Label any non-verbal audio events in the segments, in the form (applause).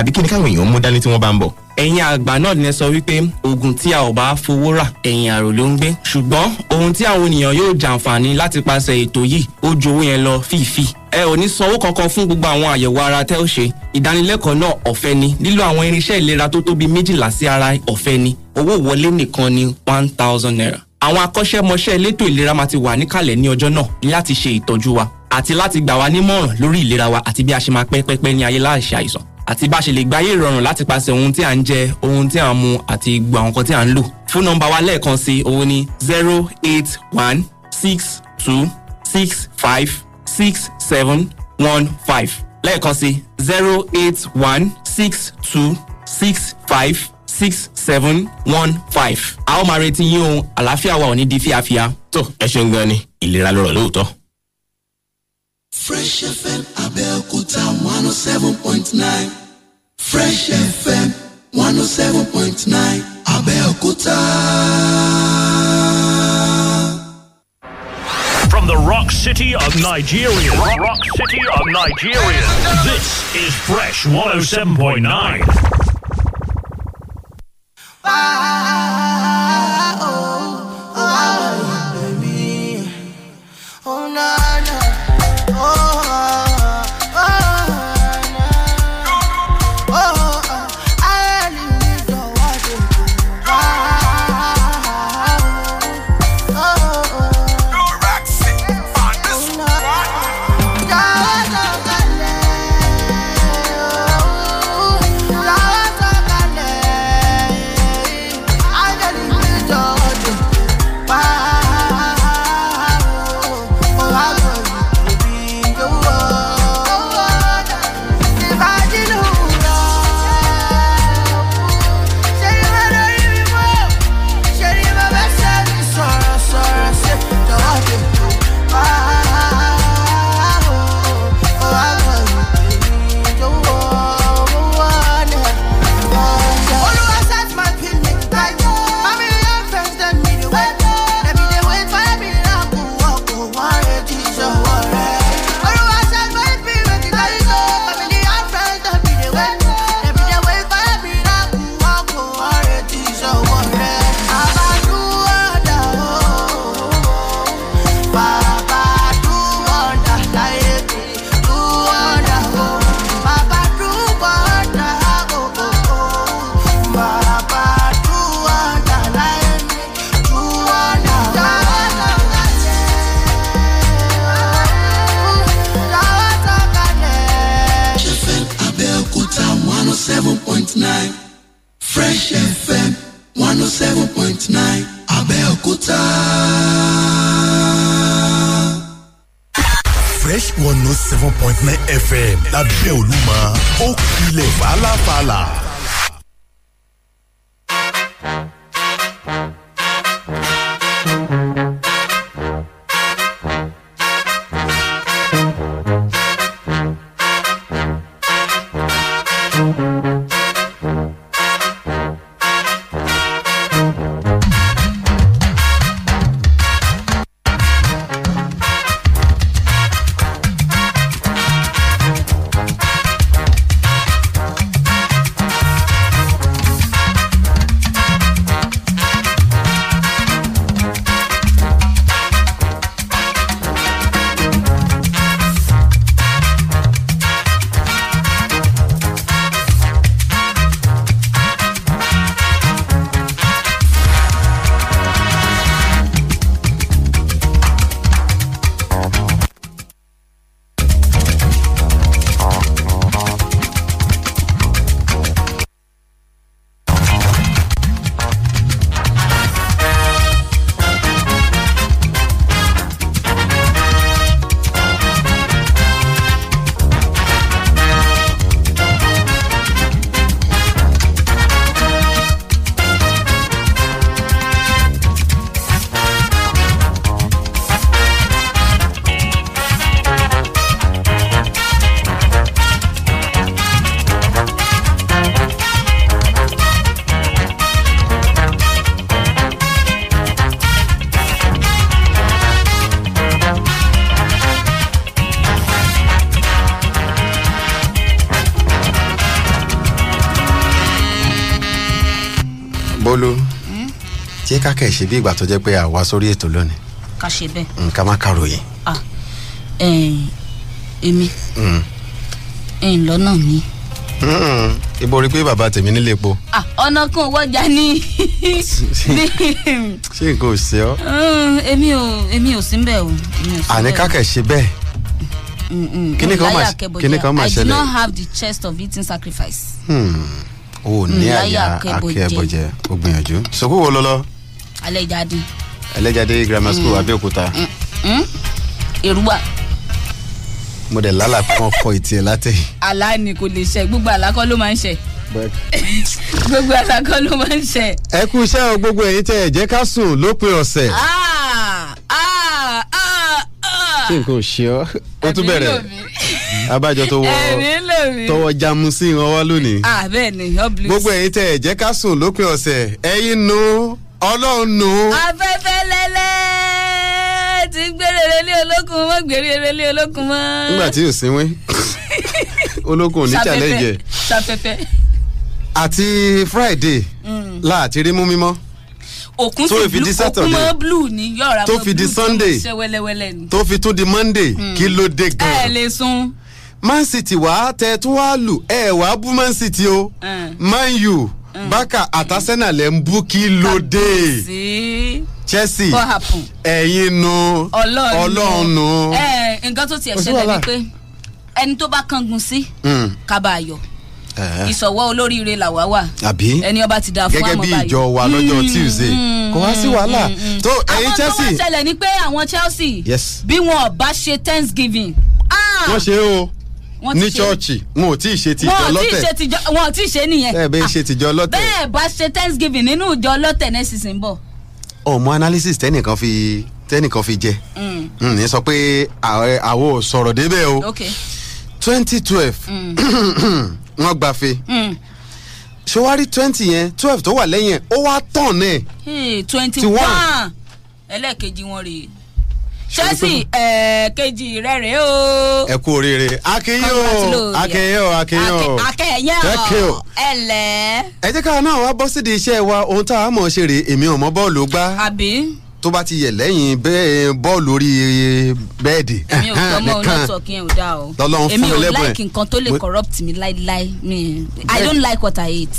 àbí kí ni káwọn èèyàn mú dání tí wọ́n bá ń bọ̀. ẹ̀yin àgbà náà ni ẹ sọ wípé ogun tí a ò bá fowó rà ẹ̀yìn àrò ló ń gbé ṣùgbọ́n ohun tí àwọn ènìyàn yóò jàǹfààní láti paṣẹ ètò yìí ó ju owó yẹn lọ fífi. ẹ ò ní sanwó kankan fún gbogbo àwọn àyẹ̀wò ara tẹ́ ó ṣe ìdánilẹ́kọ̀ọ́ náà ọ̀fẹ́ ni lílo àwọn irinṣẹ́ ìlera tó tóbi méjìlá sí ara ọ̀fẹ́ ni owó wọlé nìkan ni one thousand naira àwọn akọ́ṣẹ́mọṣẹ́ elétò ìlera máa ti wà níkàlẹ̀ ní ọjọ́ náà láti ṣe ìtọ́jú wa àti láti gbà wá nímọ̀ràn lórí ìlera wa àti bí a ṣe máa pẹ́ pẹ́pẹ́ ní ayé láìṣe àìsàn àti bá a ṣe lè gba ayé ìrọ̀rùn láti pàṣẹ ohun tí à ń jẹ ohun tí à ń mu àti gbogbo àwọn nǹkan tí à ń lò. fún nọ́mbà wa lẹ́ẹ̀kan sí òun ni zero eight one six two six five six seven one five lẹ́ẹ̀kan sí zero eight one six two six five six seven one five. a ó máa retí yín o àlàáfíà wa ò ní di fíafíà. tó ẹ ṣeun gan ni ìlera lọrọ lóòótọ́. Fresh FM Abẹ́òkúta one oh seven point nine Fresh FM one oh seven point nine Abẹ́òkúta. From the rock city of Nigeria, rock, rock city of Nigeria, this is Fresh 107.9. Wow, oh, wow, baby. Oh, no, no. ká kẹ̀ ṣe bí ìgbà tó jẹ́ pé a wá sórí ètò lónìí. ká ṣe bẹ́ẹ̀. nǹkan má kàròyìn. ah èmi hmm. ẹ̀yìn lọ́nà mi. Hmm. ibo rí pé bàbá tèmi nílé epo. ọ̀nà kan wọ́jà ni. (laughs) ṣé nǹkan ò ṣe ọ́. Hmm, èmi ò èmi ò sí ń o. àní ká kẹ̀ ṣe bẹ́ẹ̀ kíní kan máa kíní kan máa ṣẹlẹ̀. I do not have the chest of eating sacrifice. o ní àyà akẹ́bọ̀jẹ o gbìyànjú sọ́kú wo lọ́lọ́ alẹ́jáde. alẹ́jáde grammar school mm. abẹ́òkúta. Mm, mm. èrúwà. mo dẹ̀ lálàá pé wọ́n kọ ìtì ẹ̀ látẹ̀yìn. àlá ni kò lè ṣe gbogbo àlá kọ́ ló máa ń ṣe (laughs) gbogbo àlá kọ́ ló máa ń ṣe. ẹ kú iṣẹ́ o gbogbo èyí tẹ ẹ jẹ́ ká sùn lópin ọ̀sẹ̀. Ah, ah, ah, ṣé nǹkan ò ṣe ọ́ ó tún bẹ̀rẹ̀ (laughs) abájọ tó wọ tọwọ jamu sí ìrànwọ́ lónìí. gbogbo èyí tẹ ẹ jẹ́ ká sùn lópin ọ̀sẹ̀ ẹ̀yin nu. No ọlọ́run nù. afẹ́fẹ́ lẹ́lẹ́ ti gbére lé olókun mọ́ gbére lé olókun mọ́. nígbà tí yóò sinwin olókun ò ní challenge. safẹ́fẹ́. àti friday mm. láti rí mú mímọ́ òkun tó fi di saturday òkun mọ blue ni yọra mọ blue tó fi di sunday tó fi tún di monday mm. kí ló dé gan. ẹ lè sun. man city wàá tẹ tó wàá lù ẹ wàá bú man city o mm. man u Mm. bákà àtàsẹ́nà lẹ́ ń bú kí ló dé chelsea ẹ̀yin nu ọlọ́run nu. nǹkan tó tiẹ̀ ṣẹlẹ̀ ni pé ẹni tó bá kangun sí mm. kábàáyọ̀ eh. ìsọ̀wọ́ olóríire làwa wà. àbí ẹni ọba ti dà fún àmọ́ báyìí. gẹ́gẹ́ bí ìjọ wa lọ́jọ́ mm. tuesday kò wá sí wàhálà. tó ẹyin chelsea. àwọn tó wá ṣẹlẹ̀ ni pé àwọn chelsea. yes. bí wọn ò bá ṣe thanksgiving. Ah! wọ́n ṣe é o ní ṣọ́ọ̀ṣì wọn ò tí ì ṣe tìjọ lọ́tẹ̀ wọn ò tí ì ṣe nìyẹn bẹ́ẹ̀ bẹ́ẹ̀ ah, ṣe tìjọ lọ́tẹ̀ bẹ́ẹ̀ bá ṣe thanksgiving nínú ìjọ lọ́tẹ̀ náà sísìn bọ̀. ọmọ analysis tẹnìkan fi tẹnìkan fi jẹ mm. Mm, ní sọ pé àwo sọ̀rọ̀ débẹ̀ o twenty twelve mm. (clears throat) wọ́n gbàfe ṣé wàá twenty yẹn twelve tó wà lẹ́yìn ó wá tàn náà twenty one ẹlẹ́ẹ̀kejì wọn rèé chelsea eh, kejì rẹ rèé o. ẹ kú oríire akinyo akinyo akinyo akinyo ẹlẹ. ẹ jẹ́ ká náà wá bọ́ sídìí iṣẹ́ wa ohun tá a mọ̀ ṣe rè èmi ò mọ bọ́ọ̀lù gbá. àbí. tó bá ti yẹ lẹ́yìn bẹ́ẹ̀ bọ́ọ̀lù orí bẹ́ẹ̀dì. èmi ò tọmọ onítọ̀kì yẹn ò dá o. lọ́lọ́run fún mi ẹ̀. èmi ò like nǹkan tó lè corrupt mi láíláí mi i don't like what i hate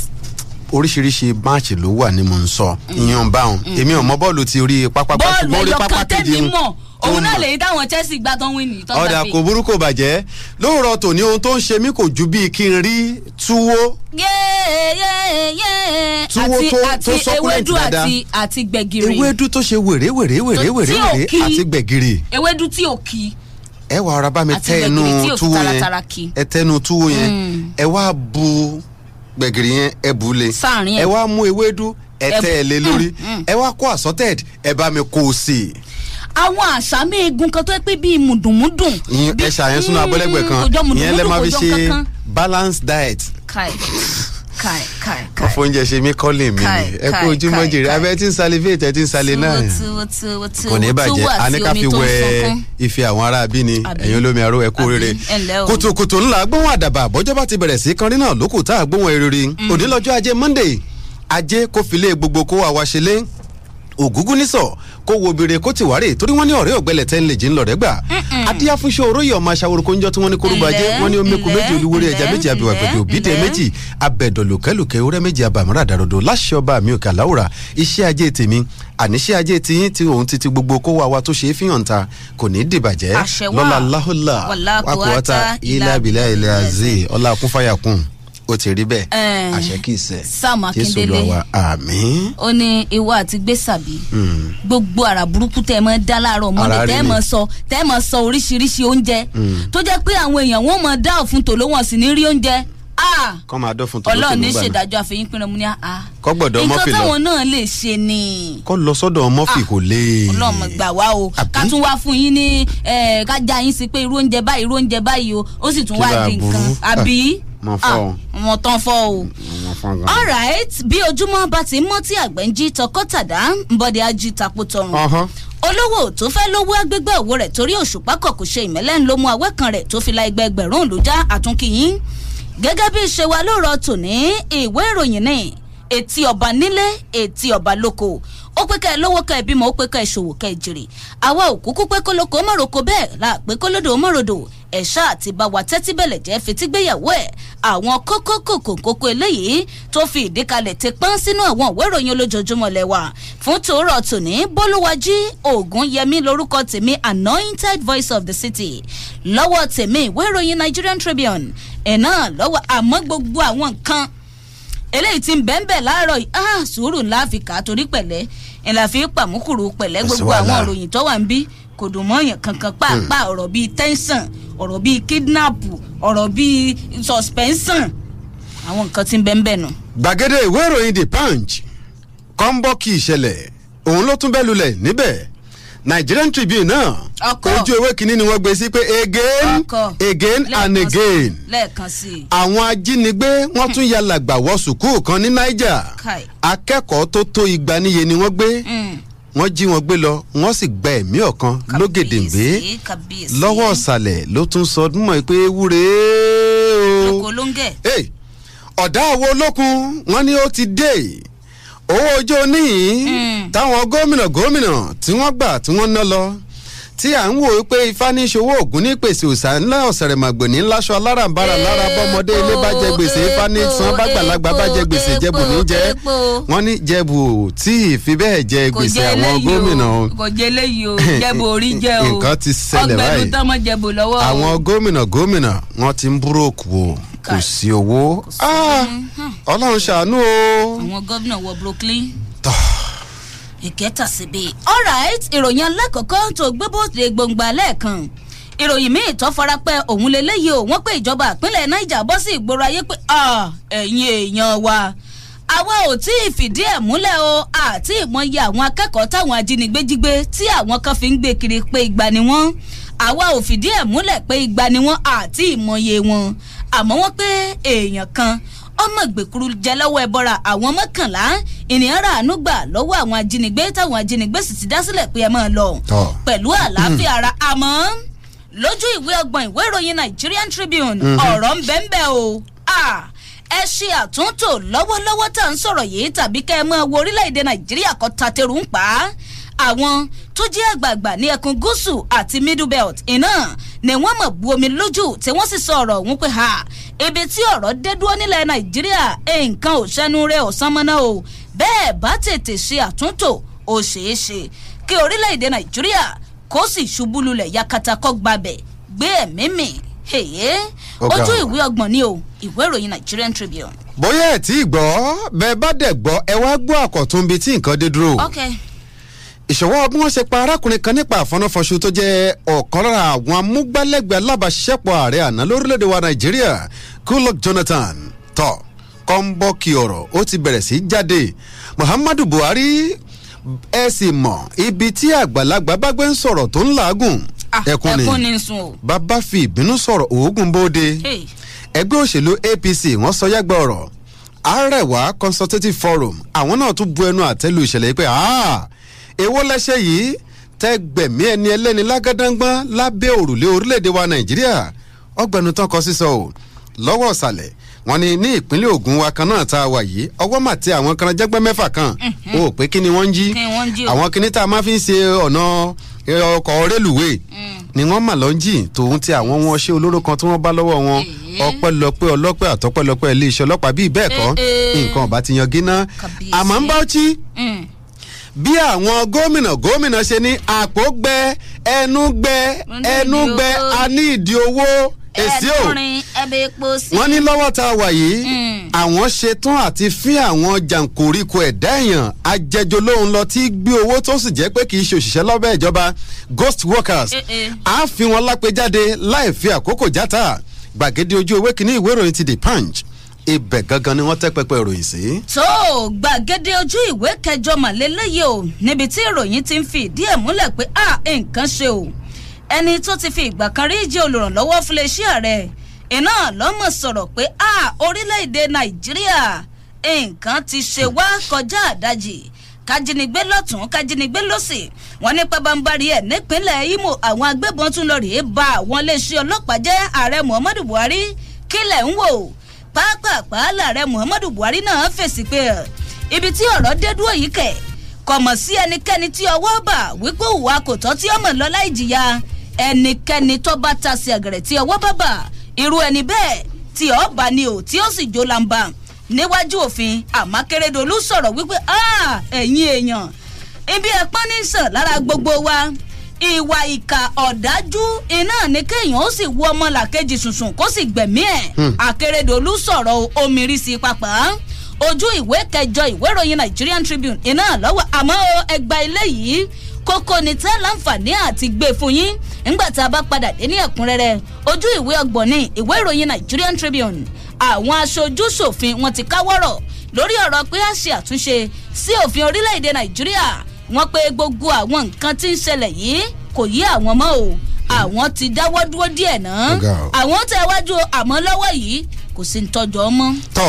oríṣiríṣi máàcì ló wà ní mò ń sọ ìyọ̀nba òun mm. èmi ò mọ bọ́ọ̀lù ti orí pápá ṣùgbọ́n orí pápá kejì ń bọ́ọ̀lù ẹ̀yọ̀kan tẹ́mi mọ̀ òun náà lèyí táwọn Chelsea gbá tán wí nìyí. ọ̀dà kò burú kò bàjẹ́ lóòrọ̀ tòní ohun tó ń ṣe mí kò ju bíi kí n rí túwó. túwó tó sọ́kúrẹ́ǹtì dáadáa àti àti gbẹ̀gìrì. ewédú tó ṣe wèrè wèrè wèrè wèrè àti gbẹ̀gìrì. ewédú tí ò kí ẹ wà ara bá mi tẹ ẹnu túwó yẹn ẹ tẹ ẹnu túwó yẹn hmm. ẹ wá bu gbẹ̀gìrì yẹn ẹ bù ú le ẹ wá mú ewédú ẹ tẹ ẹ lé hmm. lórí hmm. ẹ wá kó assorted ẹ bá mi kó o sí àwọn àsámé egun kan tó yẹ pé bíi mùdùnmùdùn. ẹ ṣàyẹn sunu abọ́lẹ́gbẹ̀ kan ìyẹn lẹ́ máa fi ṣe balance diet. kai kai kai kai. ọ̀fọ̀njẹ ṣe mí kọ́lé mi ni ẹ kú ojúmọ́ jèrè abẹ́ tí ń salivate ẹ tí ń sali náà. kò ní bàjẹ́ aníkà fi wẹ ife àwọn ará bí ni ẹ̀yin olómi aró ẹ kú oríire. kùtùkùtù ńlá gbóhùn àdàbà bọ́jọ́bá ti bẹ̀rẹ̀ sí kanrin náà lókù tá a gbóhùn eriri mm. òní lọ́jọ́ ajé monday ajé kófìlé gbogbo kó wa wá ṣe lé ògúngún nísọ̀ kó wo obìnrin kó ti wárè torí wọ́n ní ọ̀rẹ́ ọ̀gbẹ́lẹ̀ tẹ́ ń lè jí ń lọ̀rẹ́ gbà. adíyá fún ṣe oróyè ọmọ aṣàwòrán njọ tí wọ́n ní korúgbó ajé wọ́n ní omeku méjì olúwórí ẹja méjì abẹ́wà gbẹ̀dẹ̀ òbídẹ̀ méjì abẹ́dọ̀lùkẹ́lùkẹ́ orẹ́ méjì abàmúrà dàrodo láṣẹ ọba mi òkè aláwòrà iṣẹ́ ajé tèmi àníṣe ajé tiyín tí òun ti ti gbogbo kó wa wa tó ṣe é fihàn ta kò ní dìbàjẹ́ lọ́la láhùlà wàkùwàtà ilẹ̀ abilà ilẹ̀ azee ọlá kúnfàyàkùn ó ti rí bẹ́ẹ̀ àṣẹ kì í ṣẹ jésù lọ wa àmín. ó ní ìwọ àti gbèsàbí hmm. gbogbo àrà burúkú tẹ ẹ mọ dá láàárọ̀ mọdé tẹ ẹ mọ sọ tẹ ẹ mọ sọ oríṣiríṣi oúnjẹ hmm. tó jẹ pé àwọn èèyàn wọn mọ dá òfin tòló wọn sì ní rí oúnjẹ kọ́ máa dọ́ fún tòló tòló gbà ọlọ́ọ̀ni ṣèdájọ́ àfẹ́yìn pinnu mu ní a. kọ́ gbọ́dọ̀ mọ́fì lọ kọ́ lọ sọ́dọ̀ mọ́fì kò lè. ọlọ́mọ gbà wá o ká tún wá fún yín ní eh, ká já yín sí pé irú oúnjẹ báyìí irú oúnjẹ báyìí o ó sì tún wá di nǹkan àbí. Ah wọn fọ o wọn ah, tán fọ o. alright bí ojúmọ́ bá ti mọ́ tí àgbẹ̀ ń jí tọkọ́tàdá ń bọ́dẹ̀ ají tapo tọrùn olówó tó fẹ́ lówó agbégbé òwò rẹ̀ torí òṣùpá kọ̀ kò ṣe ìmẹ́lẹ́ ń lo mu awẹ́ kan rẹ̀ tó fi la ẹgbẹ́ ẹgbẹ̀rún ló já àtúnkìyín gẹ́gẹ́ bí ṣe wa ló rọ tòní ìwé ìròyìn ní etí ọba nílé etí ọba lóko ó pé ká ẹ lówó ká ẹ bímọ ó pé ká ẹ ṣòwò ká ẹ jèrè àwa òkú kú kólókó mọ̀rọ̀kọ bẹ́ẹ̀ la pé kólódò mọ̀rọ̀dò ẹ̀ṣá àti bá wa tẹ́tí bẹ̀lẹ̀ jẹ́ fetígbéyàwó ẹ̀ àwọn kókó kòkó kókó eléyìí tó fi ìdíkalẹ̀ ti pọ́n sínú àwọn ìwé ìròyìn olójoojúmọ́ lẹ́wà fún tòórọ̀ tòní bólúwájí ògùn yẹmí lórúkọ tèmi anointed voice of the city lọ́wọ́ tèmi ìwé ìròyìn nigerian tribune ẹ̀ náà lọ́wọ́ àmọ́ gbogbo àwọn nǹkan eléyìí ti ń bẹ́ńbẹ̀ láàárọ̀ yìí ah, sùúrù ńlá fi kà á torí pẹ̀lẹ́ ńlá fi pàmùkùrù pẹ̀lẹ́ gbogbo àwọn ìròyìn tó wà ń bí kò dùn mọ́yàn kankan pàápàá ọ̀rọ̀ bíi tẹ́ńsàn ọ̀rọ̀ bíi kidnap ọ̀rọ̀ bíi suspension àwọn nǹkan tí ń bẹ́ẹ̀ bẹ́ẹ̀ nù. gbàgede ìwé ìròyìn the punch kọ́ńbọ́ọ̀kì ìṣẹ̀lẹ̀ òun ló tún bẹ́ẹ̀ lulẹ̀ níbẹ̀ nigerian tribune náà ojú ewé kínní ni wọ́n gbé sí pé again again and again àwọn ajínigbé wọ́n tún ya làgbà wọ sùkúù kan ní niger akẹ́kọ̀ọ́ tó tó igba níye ni wọ́n gbé hmm wọ́n jí wọn gbé lọ wọ́n sì gba ẹ̀mí ọ̀kan lógèdèǹgbé lọ́wọ́ ọ̀sàlẹ̀ ló tún sọ mọ̀ pé wúre o ọ̀dà àwo olókun wọ́n ní ó ti dé owó ọjọ́ oníyìn hmm. táwọn gómìnà gómìnà tí wọ́n gbà tí wọ́n ná lọ tí à ń wò pé ifá ní ṣòwò ògùn ní pèsè òsà ńlá ọ̀sẹ̀rẹ̀ màgbòní ńláṣọ alárànbarà lára bọ́mọdé ilé bá jẹ gbèsè ifá ní san bàgbàlagbà bá jẹ gbèsè jẹ̀bù ní jẹ́ wọ́n ní jẹ̀bù tí ì bẹ́ẹ̀ jẹ gbèsè àwọn gómìnà o. kò jẹ eléyìí o jẹ̀bù orí jẹ o nǹkan ti ṣẹlẹ̀ báyìí àwọn gómìnà gómìnà wọ́n ti ń búrókù o kò sí owó ah! ọlọ́run ṣàánú o. àwọn gómìnà wọ ìkẹta síbi. alright ìròyìn alákọ̀ọ́kọ́ tó gbé bóde gbòǹgbà lẹ́ẹ̀kan ìròyìn míì tó farapẹ́ òun leléyìí o wọ́n pé ìjọba ìpínlẹ̀ niger bọ́ sí ìgboro ayé pé ẹ̀yin èèyàn wa àwa ò tí ì fìdí ẹ̀ múlẹ̀ o àti ìmọye àwọn akẹ́kọ̀ọ́ táwọn ajínigbé jí gbé tí àwọn kan fi ń gbé kiri pé ìgbà ni wọ́n àwa ò fìdí ẹ̀ múlẹ̀ pé ìgbà ni wọ́n àti ìmọye wọn àmọ́ wọ́n pé èèyàn kan ọmọ gbèkúrú jẹ lọ́wọ́ ẹbọra àwọn mọ́kànlá ènìyàn ràánú gbà lọ́wọ́ àwọn ajínigbé táwọn ajínigbé sì ti dá sílẹ̀ pé ẹ máa lọ pẹ̀lú àlàáfíà ara àmọ́ lójú ìwé ọgbọ̀n ìwé ìròyìn Nigerian Tribune mhm. ọ̀rọ̀ ń bẹ́ẹ̀ bẹ́ẹ̀ o ẹ ṣe àtúntò lọ́wọ́lọ́wọ́ tá à ń sọ̀rọ̀ yìí tàbí kẹ́ ẹ máa wo orílẹ̀ Nàìjíríà kan tateru ń pa àwọn tó jẹ́ àgbààgbà ní ẹkùn gúúsù àti middle belt iná ni wọ́n mọ̀ bu omi lójú tí wọ́n sì sọ ọ̀rọ̀ ọ̀hún pé ha ibi tí ọ̀rọ̀ dé dúró nílẹ̀ nàìjíríà nǹkan ò ṣẹnu rẹ̀ ọ̀sán mọ́ná o bẹ́ẹ̀ bá tètè ṣe àtúntò ó ṣeé ṣe kí orílẹ̀-èdè nàìjíríà kó sì ṣubú lulẹ̀ yakata kọ́ gbabẹ̀ gbé ẹ̀mí mi ojú ìwé ọgbọ̀n ni o ìwé ìròyìn Nigerian Tribune. bóyá ẹ̀ tí ì gbọ́ bẹ́ẹ̀ bá dẹ̀ gbọ́ ẹ wá gbọ́ àkọ̀tún bíi tí nǹkan dé dúró. okay ìṣòwò bí wọ́n ṣe pa arákùnrin kan nípa àfọnáfọṣu tó jẹ́ ọ̀kan lára àwọn amúgbálẹ́gbẹ̀ẹ́ alábàṣẹ́pọ̀ ààrẹ àná lórílẹ̀‐èdè wa nàìjíríà goodluck jonathan tọ́ kọ́ńbọ́ọ̀kì ọ̀rọ̀ ó ti bẹ̀rẹ̀ sí jáde muhammadu buhari ẹ sì mọ̀ ibi tí àgbàlagbà bá gbé ń sọ̀rọ̀ tó ń làágùn ah, ẹkún ni bàbá fi ìbínú sọ̀rọ̀ òógùn bóde ẹgbẹ́ òṣèlú apc wọ́n sọ yàgbọ́ ọ̀rọ̀ arẹwà consultative forum àwọn náà tún bu ẹnu àtẹ́lu ìṣẹ̀lẹ̀ pé aah èwo lẹ́sẹ̀ yìí tẹ́ gbẹ̀mí ẹni ẹlẹ́ni lágádángbọ́n lábẹ́ òrùlé orílẹ̀‐èdè wa nàìjíríà ọgbẹ̀nutan kọ sísọ o lọ́wọ́ ọ̀sàlẹ̀ wọn ni ní ìpínlẹ̀ Ògùn wa kan náà tá a wà yìí ọwọ́ mà ti àwọn kan jẹ́gbẹ́ mẹ́fà kan mhm. o pé kí ni wọ́n ń jí àwọn kinní tá a máa fi ń ṣe ọ̀nà ọkọ̀ rélùwé mm. ni wọ́n mà lọ ń jì tòun ti àwọn wọn ṣé olóró kan tí wọ́n bá lọ́wọ́ wọn ọpẹ́lọpẹ́ ọlọ́pẹ́ àtọ́pẹ́lọpẹ́ iléeṣẹ́ ọlọ́pàá bíi bẹ́ẹ̀ kọ́ eh, eh. nǹkan ọ̀bá ti yan gíná àmọ́ ń bá ọtí mm bí àwọn gómìnà gómìnà ṣe ní àpò gbẹ ẹnu gbẹ ẹnu gbẹ a ní ìdí owó èsì ò wọ́n ní lọ́wọ́ tá a wà yìí hmm. àwọn ṣetán àti fín àwọn jàǹkóríko ẹ̀dá èèyàn ajẹjọ lóhun lọ tí gbé owó tó sì jẹ́ pé kì í ṣe òṣìṣẹ́ lọ́bẹ̀ ìjọba ghost workers eh, eh. a fi wọn lápè jáde láì fi àkókò játa gbàgede ojú ewé kínní ìwé ìròyìn ti the punch ibẹ̀ gangan ni wọ́n tẹ́ pẹpẹ ìròyìn sí. tó o gbàgede ojú ìwé kẹjọ màlélẹ́yẹ o níbi tí ìròyìn ti ń fi ìdí ẹ̀ múlẹ̀ pé a nǹkan ṣe o ẹni tó ti fi ìgbà kan rí jẹ́ olùrànlọ́wọ́ fúnlẹ̀ iṣẹ́ rẹ̀ iná lọ́mọ sọ̀rọ̀ pé a orílẹ̀-èdè nàìjíríà nǹkan ti ṣe wá kọjá àdájì kájínigbé lọ́tún kájínigbé lọ́sì wọn ní pabambari ẹ̀ nípínlẹ̀ imo àwọn agbébọn tún lọ rèé ba àwọn iléeṣẹ́ ọlọ́pàá jẹ́ ààrẹ muhammadu buhari kílẹ̀ ń wò pápápá làárẹ̀ Muhammadu Buhari náà fèsì pé ibi tí ọ̀rọ̀ dé dúró yìí kẹ̀ kọ̀mọ̀ sí ẹnikẹ́ni tí ọwọ́ bà wípé òwà kò tọ́ tí ọmọ lọ láì jìyà ẹnikẹ́ni tó bá ta sí àgẹ̀rẹ̀ tí ọwọ́ bá bà irú ẹni bẹ́ẹ̀ tí ó bá ni ò tí ó sì jó lamba níwájú òfin àmọ́ sọ̀rọ̀ wípé ẹ̀yin èèyàn ibi ẹ̀pọ́n ní sàn lára gbogbo wa ìwà ìkà ọ̀dájú iná ní kéèyàn ó sì wú ọmọlàkejì sùnsùn kó sì gbẹ̀mí ẹ̀ hmm. Akérédolú sọ̀rọ̀ omiri sí papà ojú ìwé kẹjọ ìwé ìròyìn Nigerian Tribune iná lọ́wọ́ àmọ́ ẹgbà ilé yìí kókó ni tẹ́ láǹfààní àti gbé fún yín nígbà tá a bá padà dé ní ẹ̀kúnrẹ́rẹ́ ojú ìwé ọgbọ̀n ní ìwé ìròyìn Nigerian Tribune àwọn aṣojú ṣòfin wọn ti káwọ́rọ̀ lórí ọ̀rọ̀ pé a ṣe àtúnṣe sí òfin orílẹ̀-èdè Nàìjíríà wọ́n pé gbogbo àwọn nǹkan tí ń ṣẹlẹ̀ yìí kò yí àwọn mọ́ o àwọn ti dáwọ́ dúró díẹ̀ náà àwọn tẹ̀ wájú àmọ́ lọ́wọ́ yìí kò sí ń tọ́jọ́ mọ́. tọ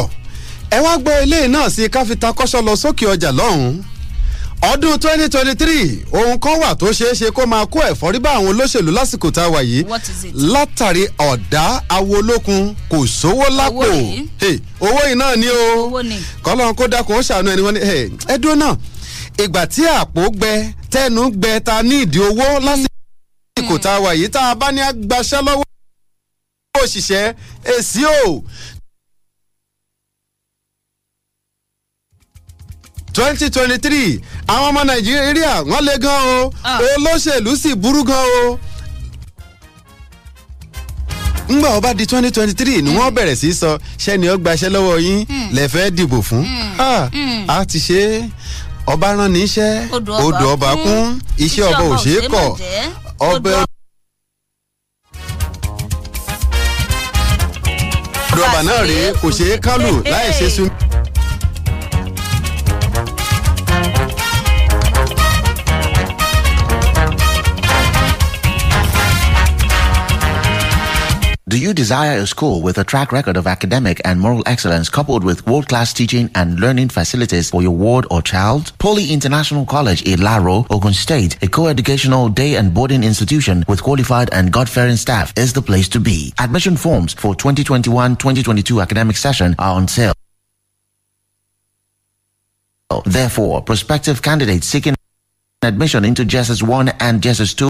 ẹ wá gbọ́ ilé náà sí káfíńtà kọ́sọ́ lọ sókè ọjà lọ́hùn-ún ọdún twenty twenty three ohun kan wà tó ṣeé ṣe kó máa kó ẹ̀fọ́rí bá àwọn olóṣèlú lásìkò tá a wà yìí látàrí ọ̀dá awo olókun kò sówó lápò owó yìí náà ni o kọ́lọ́n kó dákun ó ṣàánú ẹni wọ́n ní ẹ̀ẹ́dúró náà ìgbà tí àpò gbẹ tẹnu gbẹ ta ní ìdí owó lásìkò tá a wà yìí tá a bá ní agbaṣẹ́ lọ́wọ́ òṣìṣẹ́ èsì o. twenty àwọn ọmọ nàìjíríà wọ́n le gan o ah. olóṣèlú sì burú gan o ngbà ó bá di twenty ni wọ́n hmm. bẹ̀rẹ̀ sí sọ ṣẹ́ni ó gbaṣẹ́ yín hmm. lẹ́fẹ̀ẹ́ dìbò fún hmm. Ah, a ti ṣe é ọba rán ní iṣẹ́ odò ọba kún iṣẹ́ ọba ò ṣeé kọ̀ ọbẹ̀. odò ọba náà rèé kò ṣeé kálù láì ṣe sunmi. Do you desire a school with a track record of academic and moral excellence coupled with world-class teaching and learning facilities for your ward or child? Poly International College Ilaro, Ogun State, a co-educational day and boarding institution with qualified and God-fearing staff is the place to be. Admission forms for 2021-2022 academic session are on sale. Therefore, prospective candidates seeking admission into Jesus 1 and Jesus 2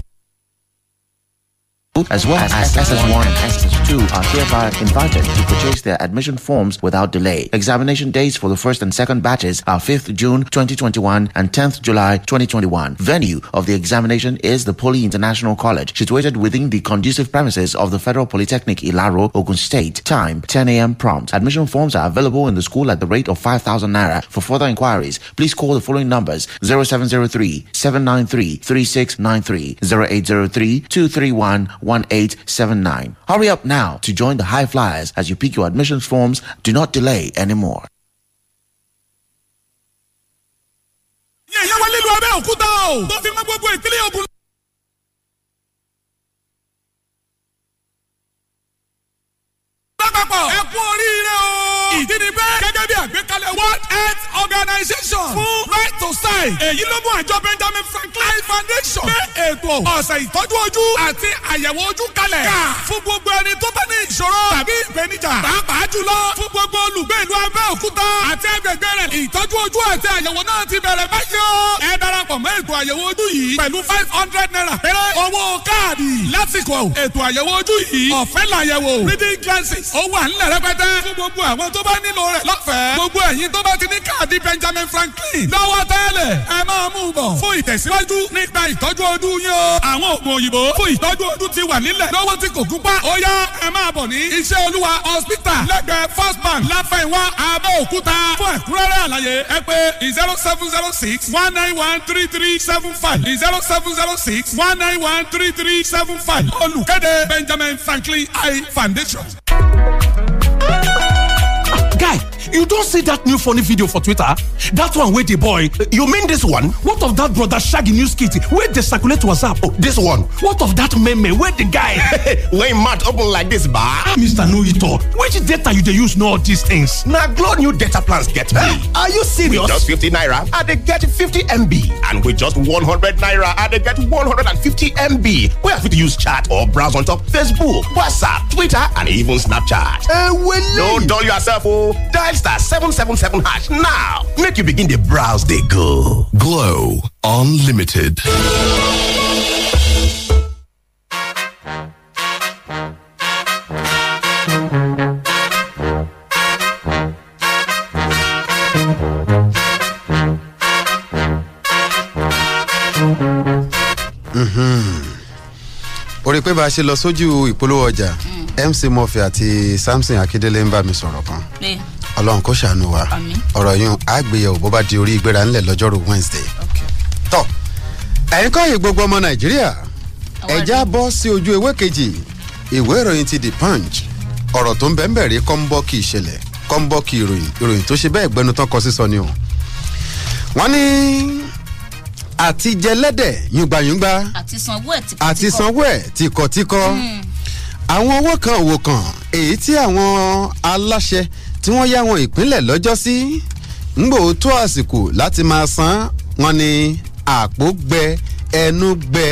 as well as SS1 SS1. 2 are hereby invited to purchase their admission forms without delay. Examination dates for the first and second batches are 5th June 2021 and 10th July 2021. Venue of the examination is the Poly International College, situated within the conducive premises of the Federal Polytechnic Ilaro, Ogun State. Time 10 a.m. prompt. Admission forms are available in the school at the rate of 5,000 naira. For further inquiries, please call the following numbers 0703 793 3693 0803 231 1879. Hurry up now now to join the high flyers as you pick your admissions forms. Do not delay anymore. yẹ̀yẹ́ gbé papọ̀. ẹ kú oríire o. ìdí ni bẹ́ẹ̀. gẹ́gẹ́ bí àgbékalẹ̀ world health organization. fún right to sight. èyí ló mú àjọ benjamin franklin foundation. gbé ètò ọ̀sẹ̀ ìtọ́jú ojú àti àyẹ̀wò ojú kalẹ̀. ká fún gbogbo ẹni tó bá ní ìṣòro tàbí ìpèníjà. pàápàá jùlọ fún gbogbo olùgbé ìlú abẹ́òkúta àti ẹgbẹ̀gbẹ̀ rẹ̀. ìtọ́jú ojú àti àyẹ̀wò náà ti bẹ̀rẹ̀ báyìí o. ẹ darapọ̀ mọ́ ètò àyẹ̀wò ojú yìí pẹ̀lú five hundred naira. pẹ̀lẹ́ owó káàdì lásìkò ètò àyẹ̀wò ojú yìí ọ̀fẹ́ làyẹ̀wò reading glasses ó wà nílẹ̀ rẹpẹtẹ fún gbogbo àwọn tó bá nílò rẹ̀ lọ́fẹ̀ẹ́ gbogbo ẹ̀yin tó bá ti ní káàdì Benjamin Franklin lọ́wọ́ tẹ́lẹ̀ ẹ máa mú un bọ̀ fún ìtẹ̀síwájú nípa ìtọ́jú ojú yín o àwọn oògùn òyìnbó fún ìtọ́jú ojú ti wà nílẹ̀ lọ́wọ́ tí kò gúnpá ó yá ẹ máa bọ̀ ní iṣẹ́ olúwa hospital lẹ́gbẹ̀ẹ́ first bank láfẹ̀wá Abẹ́òkúta fún ẹ̀kúnrẹ́rẹ́ àlàyé ẹ pé zero seven zero six one nine one three three seven five zero seven zero six one nine one three three seven five olùkéde Benjamin Franklin Eye Foundation. Guy, you don't see that new funny video for Twitter? That one with the boy. You mean this one? What of that brother Shaggy news kit Where dey circulate WhatsApp? Oh, this one. What of that meme Where the guy (laughs) wey mouth open like this ba? Ah, Mr. Noito, which data you dey use know all these things? Na glow new data plans get me. Eh, are you serious? With just 50 naira, I they get 50 MB. And with just 100 naira, I they get 150 MB. Where have fit use chat or browse on top Facebook, WhatsApp, Twitter, and even Snapchat. Uh, eh, well, don't dull yourself, oh. Dial star 777 hash now make you begin the browse dey go. Glow Unlimited. Mm-hmm. orí pé bá a ṣe lọ sójú ìpolówó ọjà MC mm. Murphy àti Samson Akindele ń bá mi sọ̀rọ̀ kan ọlọ́run kó ṣàánú wa ọ̀rọ̀ yìí á gbéyẹ̀wò bó bá di orí ìgbéra ńlẹ̀ lọ́jọ́rú wednesday. tọ́ ẹ̀yin kọ́yìn gbogbo ọmọ nàìjíríà ẹ̀já bọ́ sí ojú ewé kejì ìwé ìròyìn ti the punch ọ̀rọ̀ tó ń bẹ́ẹ̀ bẹ̀rẹ̀ kọ́ ń bọ́ kí ìṣẹ̀lẹ̀ kọ́ ń bọ́ kí ìròyìn ìròyìn tó ṣe bẹ́ẹ̀ gbẹnu tán kọ sísọ ni o. wọ́n ní àtijẹlẹ́dẹ̀ yùngbàyùngbà àti sanwó ẹ̀ hmm. àwọn owó kan òwò kan èyí tí àwọn aláṣẹ tí wọ́n yá wọn ìpínlẹ̀ lọ́jọ́ sí ńgbò tó àsìkò láti máa san wọn ni àpò gbẹ ẹnu gbẹ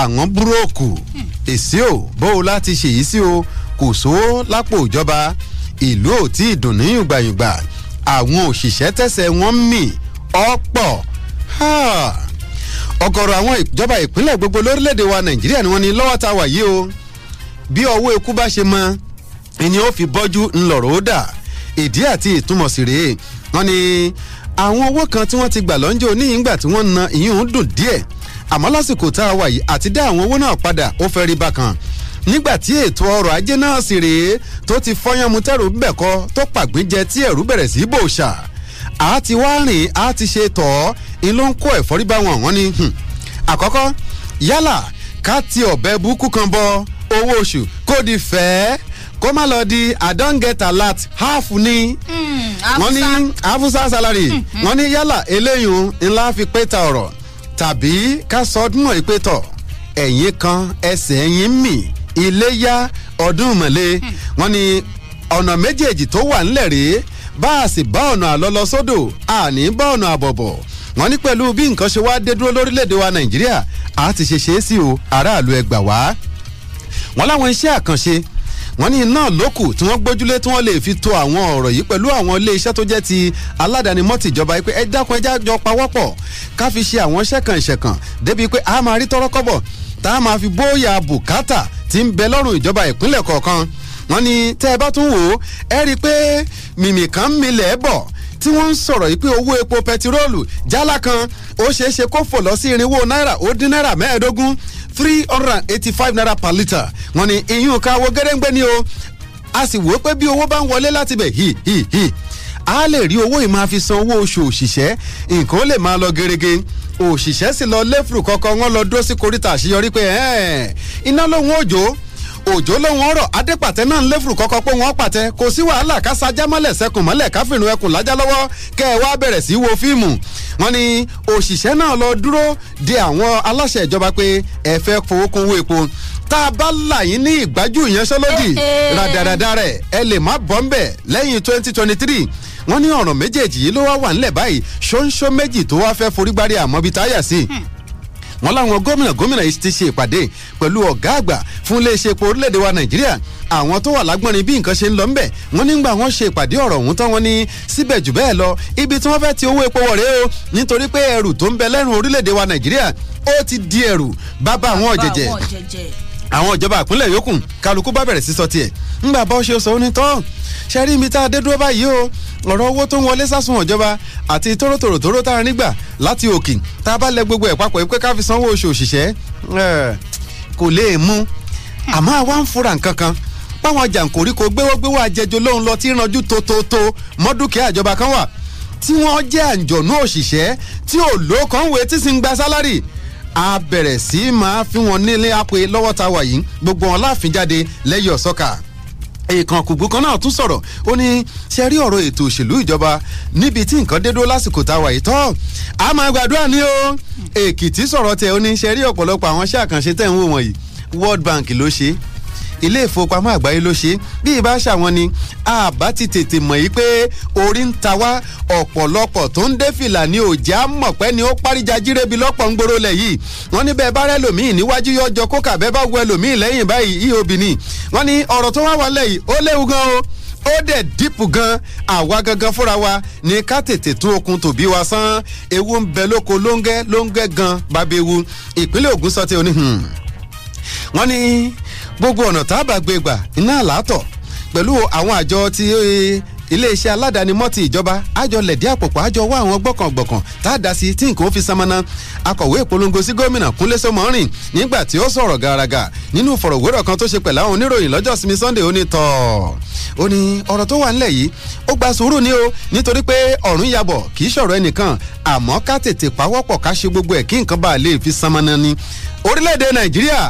àwọn búróòkù èsì ò bóò láti ṣèyí sí o kò sówó lápò ìjọba ìlú ò tí ì dùn ní yùgbàyùgbà àwọn òṣìṣẹ́ tẹ̀sẹ̀ wọn mì ọ̀pọ̀ ọ̀gọ̀rọ̀ àwọn ìjọba ìpínlẹ̀ gbogbo lórílẹ̀‐èdè wa nàìjíríà ni wọ́n ní lọ́wọ́ ta wà yìí o bí ọwọ́ eku bá ṣe mọ ẹni ó fi bọ́jú ńlọrọ̀ ó dà ìdí àti ìtumọ̀ sí rèé wọ́n ní àwọn owó kan tí wọ́n ti gbà lọ́njọ́ oníyìn gbà tí wọ́n na ìyún ń dùn díẹ̀ àmọ́ lásìkò tá a wà yìí àti dá àwọn owó náà padà ó fẹ́ rí bákan nígbà tí ètò ọrọ̀ ajé náà sì rèé tó ti fọ́yán mu tẹ́rù ń bẹ̀kọ́ tó pàgbínjẹ tí ẹ̀rú bẹ̀rẹ̀ sí bò ṣà á ti wá rìn á ti ṣe tọ̀ ọ́ in ló ń kó ẹ̀fọ́rí bá wọn wọ́n ní hmm. àkọ́kọ́ yálà ká ti ọ̀bẹ burúkú kan bọ owó oṣù kó di fẹ́ẹ́ kó má lọ di i don't get a lot. half ni hmm, wọ́n ní afusa salary hmm, hmm. wọ́n ní yálà eléyìí ńlá fi pé ta ọ̀rọ̀ tàbí ká sọ ọdún náà pé tọ̀ ẹ̀yìn kan ẹsẹ̀ ẹ̀yìn mì iléyà ọdún mọ̀lẹ́ wọ́n ní ọ̀nà méjèèjì tó wà ńlẹ̀ rèé bá a sì bá ọ̀nà àlọ́lọ́sódò àní bá ọ̀nà àbọ̀bọ̀ wọ́n ní pẹ̀lú bí nǹkan ṣe wá dé dúró lórílẹ̀‐èdè wa nàìjíríà a ti ṣe ṣe sí o aráàlú ẹgbà wá. wọ́n láwọn iṣẹ́ àkànṣe wọ́n ní iná lókù tí wọ́n gbójúlé tí wọ́n lè fi to àwọn ọ̀rọ̀ yìí pẹ̀lú àwọn ilé iṣẹ́ tó jẹ́ ti aládàáni mọ́tì ìjọba yìí pé ẹ dákun ẹjá jọ pawọ́pọ̀ ká fi ṣe àwọn ṣẹ̀kàn ṣẹ̀kàn débi pé a máa rí tọ́rọ́kọ́bọ̀ tá a máa fi bóyá bùkátà tí ń bẹ lọ́rùn ìjọba ìpínlẹ̀ kọ̀ọ̀kan wọ́n ní tẹ́ ẹ bá tún wò ó ẹ rí i pé mìmì kan milẹ̀ bọ̀ tí wọ́n ń sọ̀rọ̀ yìí pé owó epo pẹtiróòlù jálá kan ó ṣeé ṣe kó fò lọ sí irinwó náírà ó dín náírà mẹ́ẹ̀ẹ́dógún three hundred and eighty five naira per litre wọ́n ní iyún ká wo gẹ́rẹ́ngbẹ́ ni o a sì wò ó pé bí owó bá ń wọlé láti bẹ̀ hì hì hì a lè rí owó yìí máa fi san owó oṣù òṣìṣẹ́ nǹkan ó lè máa lọ gerege òṣìṣẹ́ sì lọ léfùrù kọ̀ọ̀kan wọn lọ dúró sí koríta àṣeyọrí pé iná lòun òjò òjò lóhun ọ̀rọ̀ adépàtẹ náà ń léfùrù kọ́kọ́ pé wọ́n pàtẹ kò sí wàhálà ká sajá mọ́lẹ̀ sẹ́kùn mọ́lẹ̀ káfíìnrún ẹkùn lájá lọ́wọ́ kẹ́ ẹ wá bẹ̀rẹ̀ sí wo fíìmù wọ́n ní òṣìṣẹ́ náà lọ dúró de àwọn aláṣẹ ìjọba pé ẹ fẹ́ fowó kún owó epo tá a bá là yín ní ìgbájú ìyanṣẹ́lódì ràdàràdà rẹ̀ ẹ lè má bọ́ ń bẹ̀ lẹ́yìn twenty twenty three wọ́n ní ọ̀ràn méjèèjì yìí ló wá wà ńlẹ̀ báyìí ṣóńṣó méjì tó wá fẹ́ forígbárí àmọ́bí táyà sí i. Hmm wọ́n láwọn gómìnà gómìnà yìí ti ṣe ìpàdé pẹ̀lú ọ̀gá àgbà fún iléeṣẹ́ epo orílẹ̀-èdè wa nàìjíríà àwọn tó wà lágbọ́nrin bí nǹkan ṣe ń lọ ńbẹ̀ wọ́n nígbà wọ́n ṣe ìpàdé ọ̀rọ̀ ọ̀hún tán wọ́n ní síbẹ̀ jù bẹ́ẹ̀ lọ ibi tí wọ́n fẹ́ ti owó epo wọ̀rẹ́ o nítorí pé ẹrù tó ń bẹ lẹ́rùn orílẹ̀ wa nàìjíríà ó ti di ẹrù bàbá àwọn ọ̀jẹ̀jẹ̀ àwọn ìjọba ìpínlẹ̀ yòókù kálukú bá bẹ̀rẹ̀ sí sọ tiẹ̀ ńgbà bá ó ṣe sọ ó ní tán ṣe rí ibi tá a dé dúró báyìí o ọ̀rọ̀ owó tó ń wọlé sásùn ìjọba àti tórótòrótòró tá a nígbà láti òkè tá a bá lẹ gbogbo ẹ̀ papọ̀ pé ká fi sanwó oṣù òṣìṣẹ́ kò lè mú àmọ́ àwa ń fura nǹkan kan páwọn jàǹkóríko gbéwógbéwó àjẹjọ lóhun lọ tí ìrànjú tótótó mọ́ dúkìá ìjọba kan wà tí wọ́n jẹ́ àǹjọ̀nú òṣìṣẹ́ tí ò lóókan wé tí sì ń gba sálárì a bẹ̀rẹ̀ sí máa fi wọn nílé àpè lọ́wọ́ ta wà yìí gbogbo wọn láàfin jáde lẹ́yìn ọ̀sọ́kà èèkàn kùgbùkan náà tún sọ̀rọ̀ ó ní ṣe rí ọ̀rọ̀ ètò òṣèlú ìjọba níbi tí nǹkan dé dúró lásìkò tá a wà yìí tọ́ a máa gbàdúrà ní o èkìtì sọ̀rọ̀ tẹ̀ ó ní ṣe rí ọ̀pọ̀lọpọ̀ àwọn iṣẹ́ àkànṣe tẹ̀ ń wò wọ̀nyí World Bank ló ṣe é ilé ìfowópamọ́ àgbáyé ló ṣe bí ibà ṣàwọn ni àbá ti tètè mọ̀ yí pé orí ń ta wá ọ̀pọ̀lọpọ̀ tó ń dé fìlà ní òjá mọ̀pẹ́ ni ó páríjà jírèbi lọ́pọ̀ ń gbòòrò lẹ̀ yìí wọ́n ní bẹ́ẹ̀ bá rẹ́ lòmíì níwájú yọjọ kó kàbẹ́ bá wọ ẹlòmíì lẹ́yìn báyìí yìí e obìnrin wọ́n ní ọ̀rọ̀ tó wá ó dẹ̀ dípù gan àwa gangan fúnra wa ni ká tètè tún okun tòbí wa sán ewu ń bẹ lóko lóńgẹ́ lóńgẹ́ gan bábẹ́wu ìpínlẹ̀ Ògùn sọ ti oní hmm. wọ́n ní gbogbo ọ̀nà tá a bá gbé gbà iná làátọ̀ pẹ̀lú àwọn àjọ ti e, iléeṣẹ́ aládàáni mọ́tì ìjọba àjọ lẹ̀dí àpòpọ̀ àjọ wá àwọn gbọ́kàngbọ̀kàn tá a dá sí tí nǹkan ó fi sanmọ́nà akọ̀wé ìpolongo sí gómìnà kúnlé sọmọ́rìn nígbà tí ó sọ̀rọ̀ gàràgà nínú ìfọ̀rọ̀wérọ̀ kan tó ṣe pẹ̀lú àwọn oníròyìn lọ́jọ́ sinmi sunday ó tọ̀ ó ní ọ̀rọ̀ tó wà ńlẹ̀ yìí ó gba sùúrù ni o nítorí pé ọ̀run yabọ̀ kì í sọ̀rọ̀ ẹnìkan àmọ́ ká tètè pawọ́pọ̀ ká ṣe gbogbo ẹ̀ kí nǹkan bá lè fi sanmọ́nà ni orílẹ̀-èdè nàìjíríà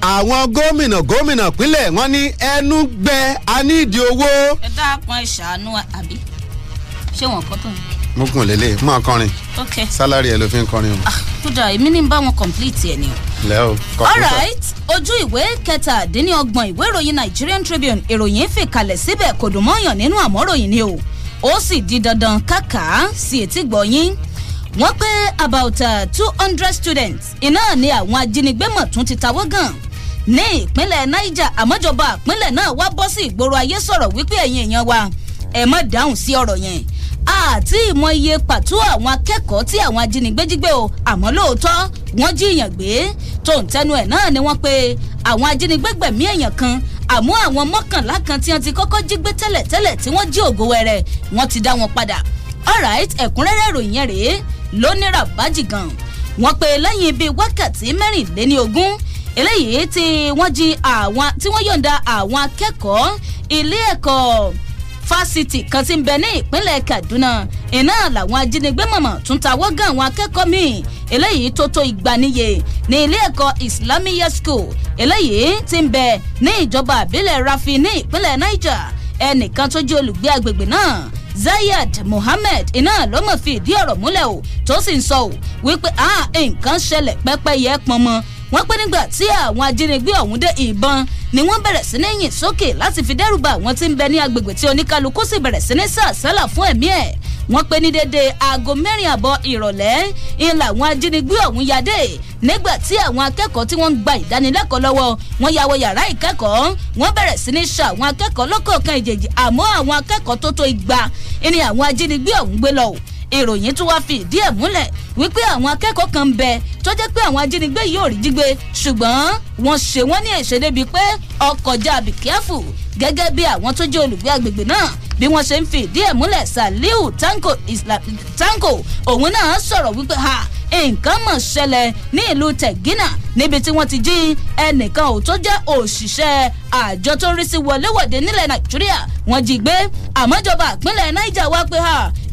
àwọn gómìnà gómìnà pínlẹ̀ wọn ní ẹnu gbẹ anídìí owó. ẹ dákun ìṣàánú àbí ṣé wọn kọ́ tó ní. mo gùn lélẹ̀ mọ́ ọ ok sálárì ẹ ló fi ń kọrin o. Ah, kódà èmi ní bá complete ẹ ni o. lẹ́ o kọ̀ọ̀kan. ojú ìwé kẹtàdínlọ́gbọ̀n ìwé ìròyìn Nigerian Tribune ìròyìn fìkalẹ̀ síbẹ̀ kò dùn mọ́yàn nínú àmọ́ròyìn ni o ó sì di dandan kàkà sí etí gbọ̀nyìn wọ́n pé about uh, two hundred students iná ni àwọn ajínigbé mọ̀tún ti tawọ́ gan-an ní ìpínlẹ̀ Niger àmọ́jọba ìpínlẹ̀ náà wá bọ́ sí ìgboro ayé sọ̀rọ̀ wípé ẹ̀yin èèyàn wa ẹ má dáhùn sí ọ̀rọ̀ yẹn àti ìmọ̀ iye pàtó àwọn akẹ́kọ̀ọ́ tí àwọn ajínigbé jí gbé o àmọ́ lóòótọ́ wọ́n jíyàn gbé tó ń tẹnu ẹ̀ náà ni wọ́n pe àwọn ajínigbé gbẹ̀mí èèyàn kan àmọ́ àwọn mọ́kànlá kan tí wọ́n ti kọ́kọ́ jí tẹ́lẹ̀tẹ́lẹ̀ tí wọ́n jí ògo wẹrẹ wọ́n ti dá wọn padà alright ẹ̀kúnrẹ́rẹ́ ìròyìn yẹn rèé lónírà bájì gan wọ́n pe lẹ́yìn bíi wákàtí mẹ́rìnléní ogún eléyìí tí wọ́n jí àwọn tí wọ́n yọ̀ǹda àwọn akẹ́kọ̀ọ́ ilé ẹ̀kọ́ fásitì kan ti ń bẹ ní ìpínlẹ̀ kaduna iná làwọn ajínigbé mọ̀mọ̀ tún tawọ́ gan àwọn akẹ́kọ̀ọ́ míì eléyìí tó tó ìgbaniye ní ilé ẹ̀kọ́ islamiya school eléyìí ti ń bẹ ní ìjọba àbílẹ̀ rafi ní ìpínlẹ̀ niger ẹnìkan tó jẹ́ olùgbé agbègbè náà zayed mohammed iná ló mọ̀ fi ìdí ọ̀rọ̀ múlẹ̀ o tó sì ń sọ o wípé a nǹkan ṣẹlẹ̀ pẹ́pẹ́ yẹ pọnmọ́ wọ́n pé nígbà tí àwọn ajínigbé ọ̀hún dé ìbọn ni wọ́n bẹ̀rẹ̀ sí ní yìn sókè láti fi dẹ́rùbà àwọn tí ń bẹ ní agbègbè tí oníkálukú sì bẹ̀rẹ̀ sí ní sàsálà fún ẹ̀mí ẹ̀ wọ́n pé ní dédé aago mẹ́rin àbọ̀ ìrọ̀lẹ́ ń la àwọn ajínigbé ọ̀hún yadé nígbà tí àwọn akẹ́kọ̀ọ́ tí wọ́n ń gba ìdánilẹ́kọ̀ọ́ lọ́wọ́ wọ́n ya yàrá ìkẹ́kọ̀ọ́ wọ́n bẹ̀rẹ̀ sí ní ṣa àwọn akẹ́kọ̀ọ́ lọ́kọ̀ọ̀kan ìjèjì àmọ́ àwọn akẹ́kọ̀ọ́ tó tó igba ni àwọn ajínigbé ọ̀hún gbé lọ ìròyìn tún wá fi ìdí ẹ̀ múlẹ̀ wípé àwọn akẹ́kọ̀ọ́ kan ń bẹ tó jẹ́ pé àwọn ajínigbé yìí ò rí jígbe ṣùgbọ́n wọ́n ṣe wọ́n ní èṣe pé ọkọ̀ já be careful gẹ́gẹ́ bí àwọn tó jẹ́ olùgbé agbègbè náà bí wọ́n ṣe ń fi ìdí ẹ̀ múlẹ̀ saliu tanko islam tanko òun náà sọ̀rọ̀ wípé ha nǹkan mọ̀ ṣẹlẹ̀ ní ìlú tẹ̀gínà níbi tí wọ́n ti jí ẹnìkan ò tó jẹ́ òṣìṣẹ́ àjọ tó rí sí wọléwọ̀de nílẹ̀ nàìjíríà wọ́n jí gbé àmọ́jọba ìpínlẹ̀ niger wá pé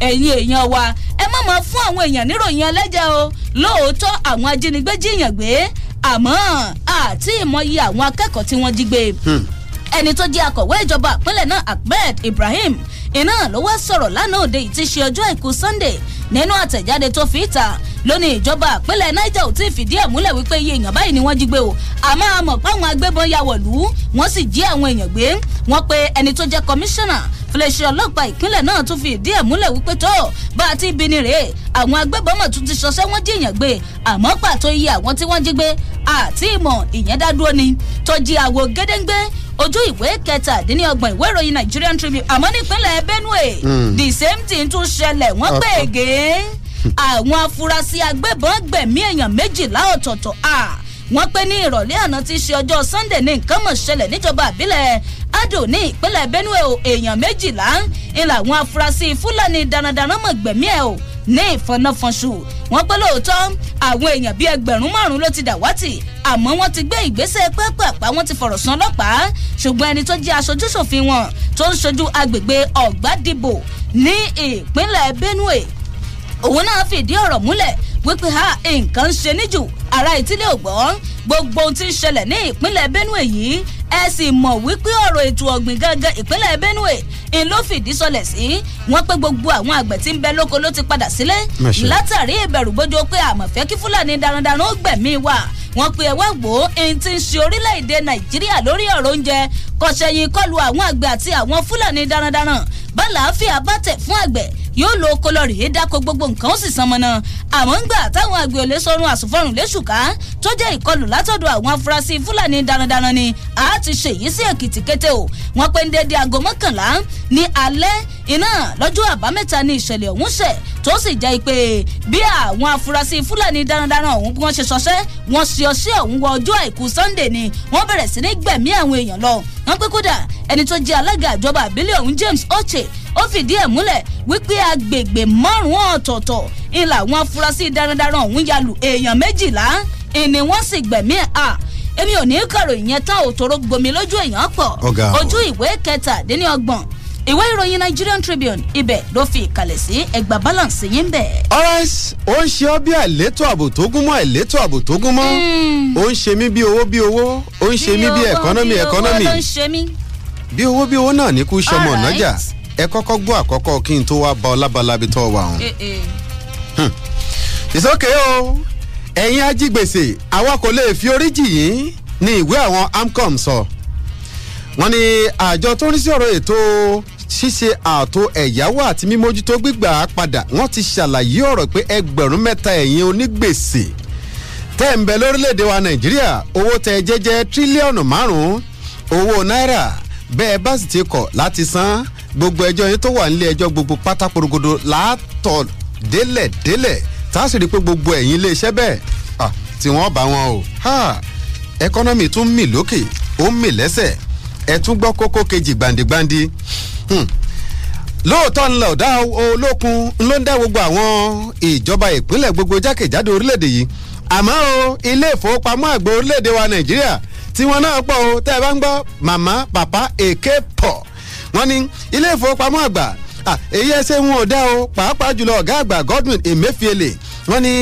ẹ̀yin èèyàn wa ẹ má máa fún àwọn èèyàn níròyìn ẹlẹ́jẹ̀ o lóòótọ́ àwọn ajínigbé jíyàn gbé àmọ́ àti ìmọ̀ye àwọn akẹ́kọ̀ọ́ tí wọ́n jí gbé. Hmm ẹni tó jẹ́ akọ̀wé ìjọba ìpínlẹ̀ náà ahmed ibrahim iná ló wá sọ̀rọ̀ lánàá òde yìí ti ṣe ọjọ́ àìkú sunday nínú àtẹ̀jáde tó fi ta lóní ìjọba ìpínlẹ̀ niger ò tí ì fìdí ẹ̀ múlẹ̀ wípé iye èèyàn báyìí ni wọ́n jí gbé o àmọ́ a mọ̀ páwọn agbébọn ya wọ̀lú wọ́n sì jí àwọn èèyàn gbé wọ́n pe ẹni tó jẹ́ kọmíṣánná fúlẹ̀ṣẹ̀ ọlọ́pàá ìpínlẹ̀ náà tún fi ìdí ẹ̀ múlẹ̀ wípé tó bá a ti bí ni rèé àwọn agbébọn mọ̀ tún ti ṣọṣẹ́ wọ́n jí èèyàn gbé àmọ́ pàtó iye àwọn tí wọ́n jí gbé àti ìmọ̀ ìyẹn dá dúró ni tó jí àwo gédéńgbé ojú ìwé kẹtàdínlọ́gbọ̀n ìwé ìròyìn Nigerian Tribune àmọ́ nípínlẹ̀ Benue hmm. the same thing tún ṣẹlẹ̀ wọ́n pè é gé àwọn afurasí agbébọn gbẹ̀mí èèyàn méjìlá ọ̀tọ̀ọ̀tọ̀ wọ́n pé ní ìrọ̀lẹ́ àná tí í ṣe ọjọ́ Sunday ní nǹkan mọ̀ ṣẹlẹ̀ níjọba àbílẹ̀ Ado ní ìpínlẹ̀ Benue o èèyàn méjìlá ńlá àwọn afurasí Fúlàní darandaran mọ̀ gbẹ̀mí ẹ̀ o ní ìfọnáfọnṣu wọ́n pé lóòótọ́ àwọn èèyàn bíi ẹgbẹ̀rún márùn-ún ló ti dàwátì àmọ́ wọ́n ti gbé ìgbésẹ̀ pẹ́pẹ́pá wọ́n ti fọ̀rọ̀ sàn ọlọ́pàá ṣùgbọ́n ẹni tó jẹ́ aṣojúṣòfin wọn tó ń ṣojú agbègbè ọ̀gbádìbò ní ìpínlẹ̀ benue òun náà fìdí ọ̀rọ̀ múlẹ̀ wípé nǹkan ń ṣe níjù ara ìtílé ògbọ́n gbogbo ohun tí ń ṣẹlẹ̀ ní ìpínlẹ̀ benue yìí ẹ sì mọ̀ wípé ọ̀rọ̀ ètò ọ̀gbìn gangan ìpínlẹ̀ benue ń ló fìdí sọlẹ̀ sí wọ́n pé gbogbo àwọn àgbẹ̀ tí ń bẹ lóko ló ti padà sílé látàrí ìbẹ̀rù bójú pé àmọ̀fẹ́ kí fúlàní darandaran ó gbẹ̀mí wa wọ́n pe ẹwẹ́ wò ó ẹni tí ń ṣe orílẹ̀-èdè nàìjíríà lórí ọ̀rọ̀ oúnjẹ kọ̀ṣẹ́yìn kọlu àwọn àgbẹ̀ àti àwọn fúlàní darandaran bá làáfíà bá tẹ̀ fún àgbẹ̀ yóò lo oko lọ rèé dáko gbogbo nǹkan ó sì san mọ́nà àmọ́ ń gbà táwọn àgbẹ̀ ò lè sọrun àsùnfọ́rùn léṣùká tó jẹ́ ìkọlù látọ̀dọ̀ àwọn afurasí fúlàní darandaran ni a ti ṣèyí sí èkìtì kété o wọ́n pé ń dédé aago mọ́kànlá ní alẹ́ iná lọ́jọ́ àbámẹ́ta ni ìṣẹ̀lẹ̀ ọ̀hún ṣẹ̀ tó sì jẹ́ pé bí àwọn afurasí fúlàní darandaran ọ̀hún bí wọ́n ṣe ṣọṣẹ́ wọ́n ṣe ọṣẹ́ ọ̀hún wọ ọjọ́ àìkú sunday ni wọ́n bẹ̀rẹ̀ sí ní gbẹ̀mí àwọn èèyàn lọ wọ́n pé kódà ẹni tó jẹ́ alága ìjọba àbílẹ̀ ọ̀hún james oche ó fìdí ẹ̀ múlẹ̀ wípé agbègbè márùn-ún ọ̀tọ̀ọ̀tọ̀ ńlá àwọn afurasí darandaran ọ̀hún ya lu èèyàn méjìlá ìní wọ́n sì gbẹ̀mí à èmi ò ní kàròyìn yẹn tán òtòrò gbomi lójú èèyàn pọ̀ ojú ìwé kẹtàdínlọ́gbọ̀n ìwé ìròyìn Nigerian Tribune ibẹ̀ ló fi ìkàlẹ̀ sí ẹgbà balance yín bẹ̀. ọ̀rẹ́s ó ń ṣe ọ́ bí àìletò ààbò tó gún mọ́ àìletò ààbò tó gún mọ́ hmm. ó ń ṣe mí bí owó bí owó ó ń ṣe mí bí ẹ̀kọ́nọ́mì ẹ̀kọ́nọ́mì bí owó bí owó náà ní kú sọmọ nájà. Right ẹ kọ́kọ́ gbọ́ àkọ́kọ́ kí n tó wá ba ọlábalábi tó wà hàn. ìsókè eh, eh. hmm. o ẹ̀yin ajígbèsè àwa kò lè fi orí jì yín ní ìwé àwọn amcom sọ wọ́n ní àjọ tó ń rí sí ọ̀rọ̀ ètò ṣíṣe ààtò ẹ̀yáwó àti mímójútó gbígbà padà wọ́n ti ṣàlàyé ọ̀rọ̀ pé ẹgbẹ̀rún mẹ́ta ẹ̀yin onígbèsè tẹ́ ń bẹ lórílẹ̀ wa nàìjíríà owó tẹ jẹ́jẹ́ tírílíọ̀nù márùn-ún owó náírà bẹ́ẹ̀ bá sì ti kọ̀ láti san gbogbo ẹjọ́ yín tó wà nílé ẹjọ́ gbogbo pátá porogodo láàtọ̀ délẹ̀ délẹ̀ tá a sì rí i pé gbogbo ẹ̀yin iléeṣẹ́ bẹ́ẹ̀ tí wọ́n bá wọn o ẹkọ́nọ́mì tún mì lókè ó mì lẹ́sẹ̀ ẹ tún gbọ́ kókó kejì gbandigbandi hmm. lóòótọ́ ńlá ọ̀dà olókun ló ń dá gbogbo àwọn ìjọba ìpínlẹ̀ gbogbo jákèjádò orílẹ̀-èdè yìí àmọ́ o ilé ìfowópamọ́ àgbà orílẹ̀-èdè wa nàìjíríà tí wọ́n náà pọ̀ o tẹ́ ẹ bá ń gbọ́ màmá pàpá èké pọ̀ wọ́n ní ilé ìfowópamọ́ àgbà èyí ẹsẹ̀ wọn ò dá o pàápàá jùlọ ọ̀gá àgbà Godwin Emefiele wọ́n ní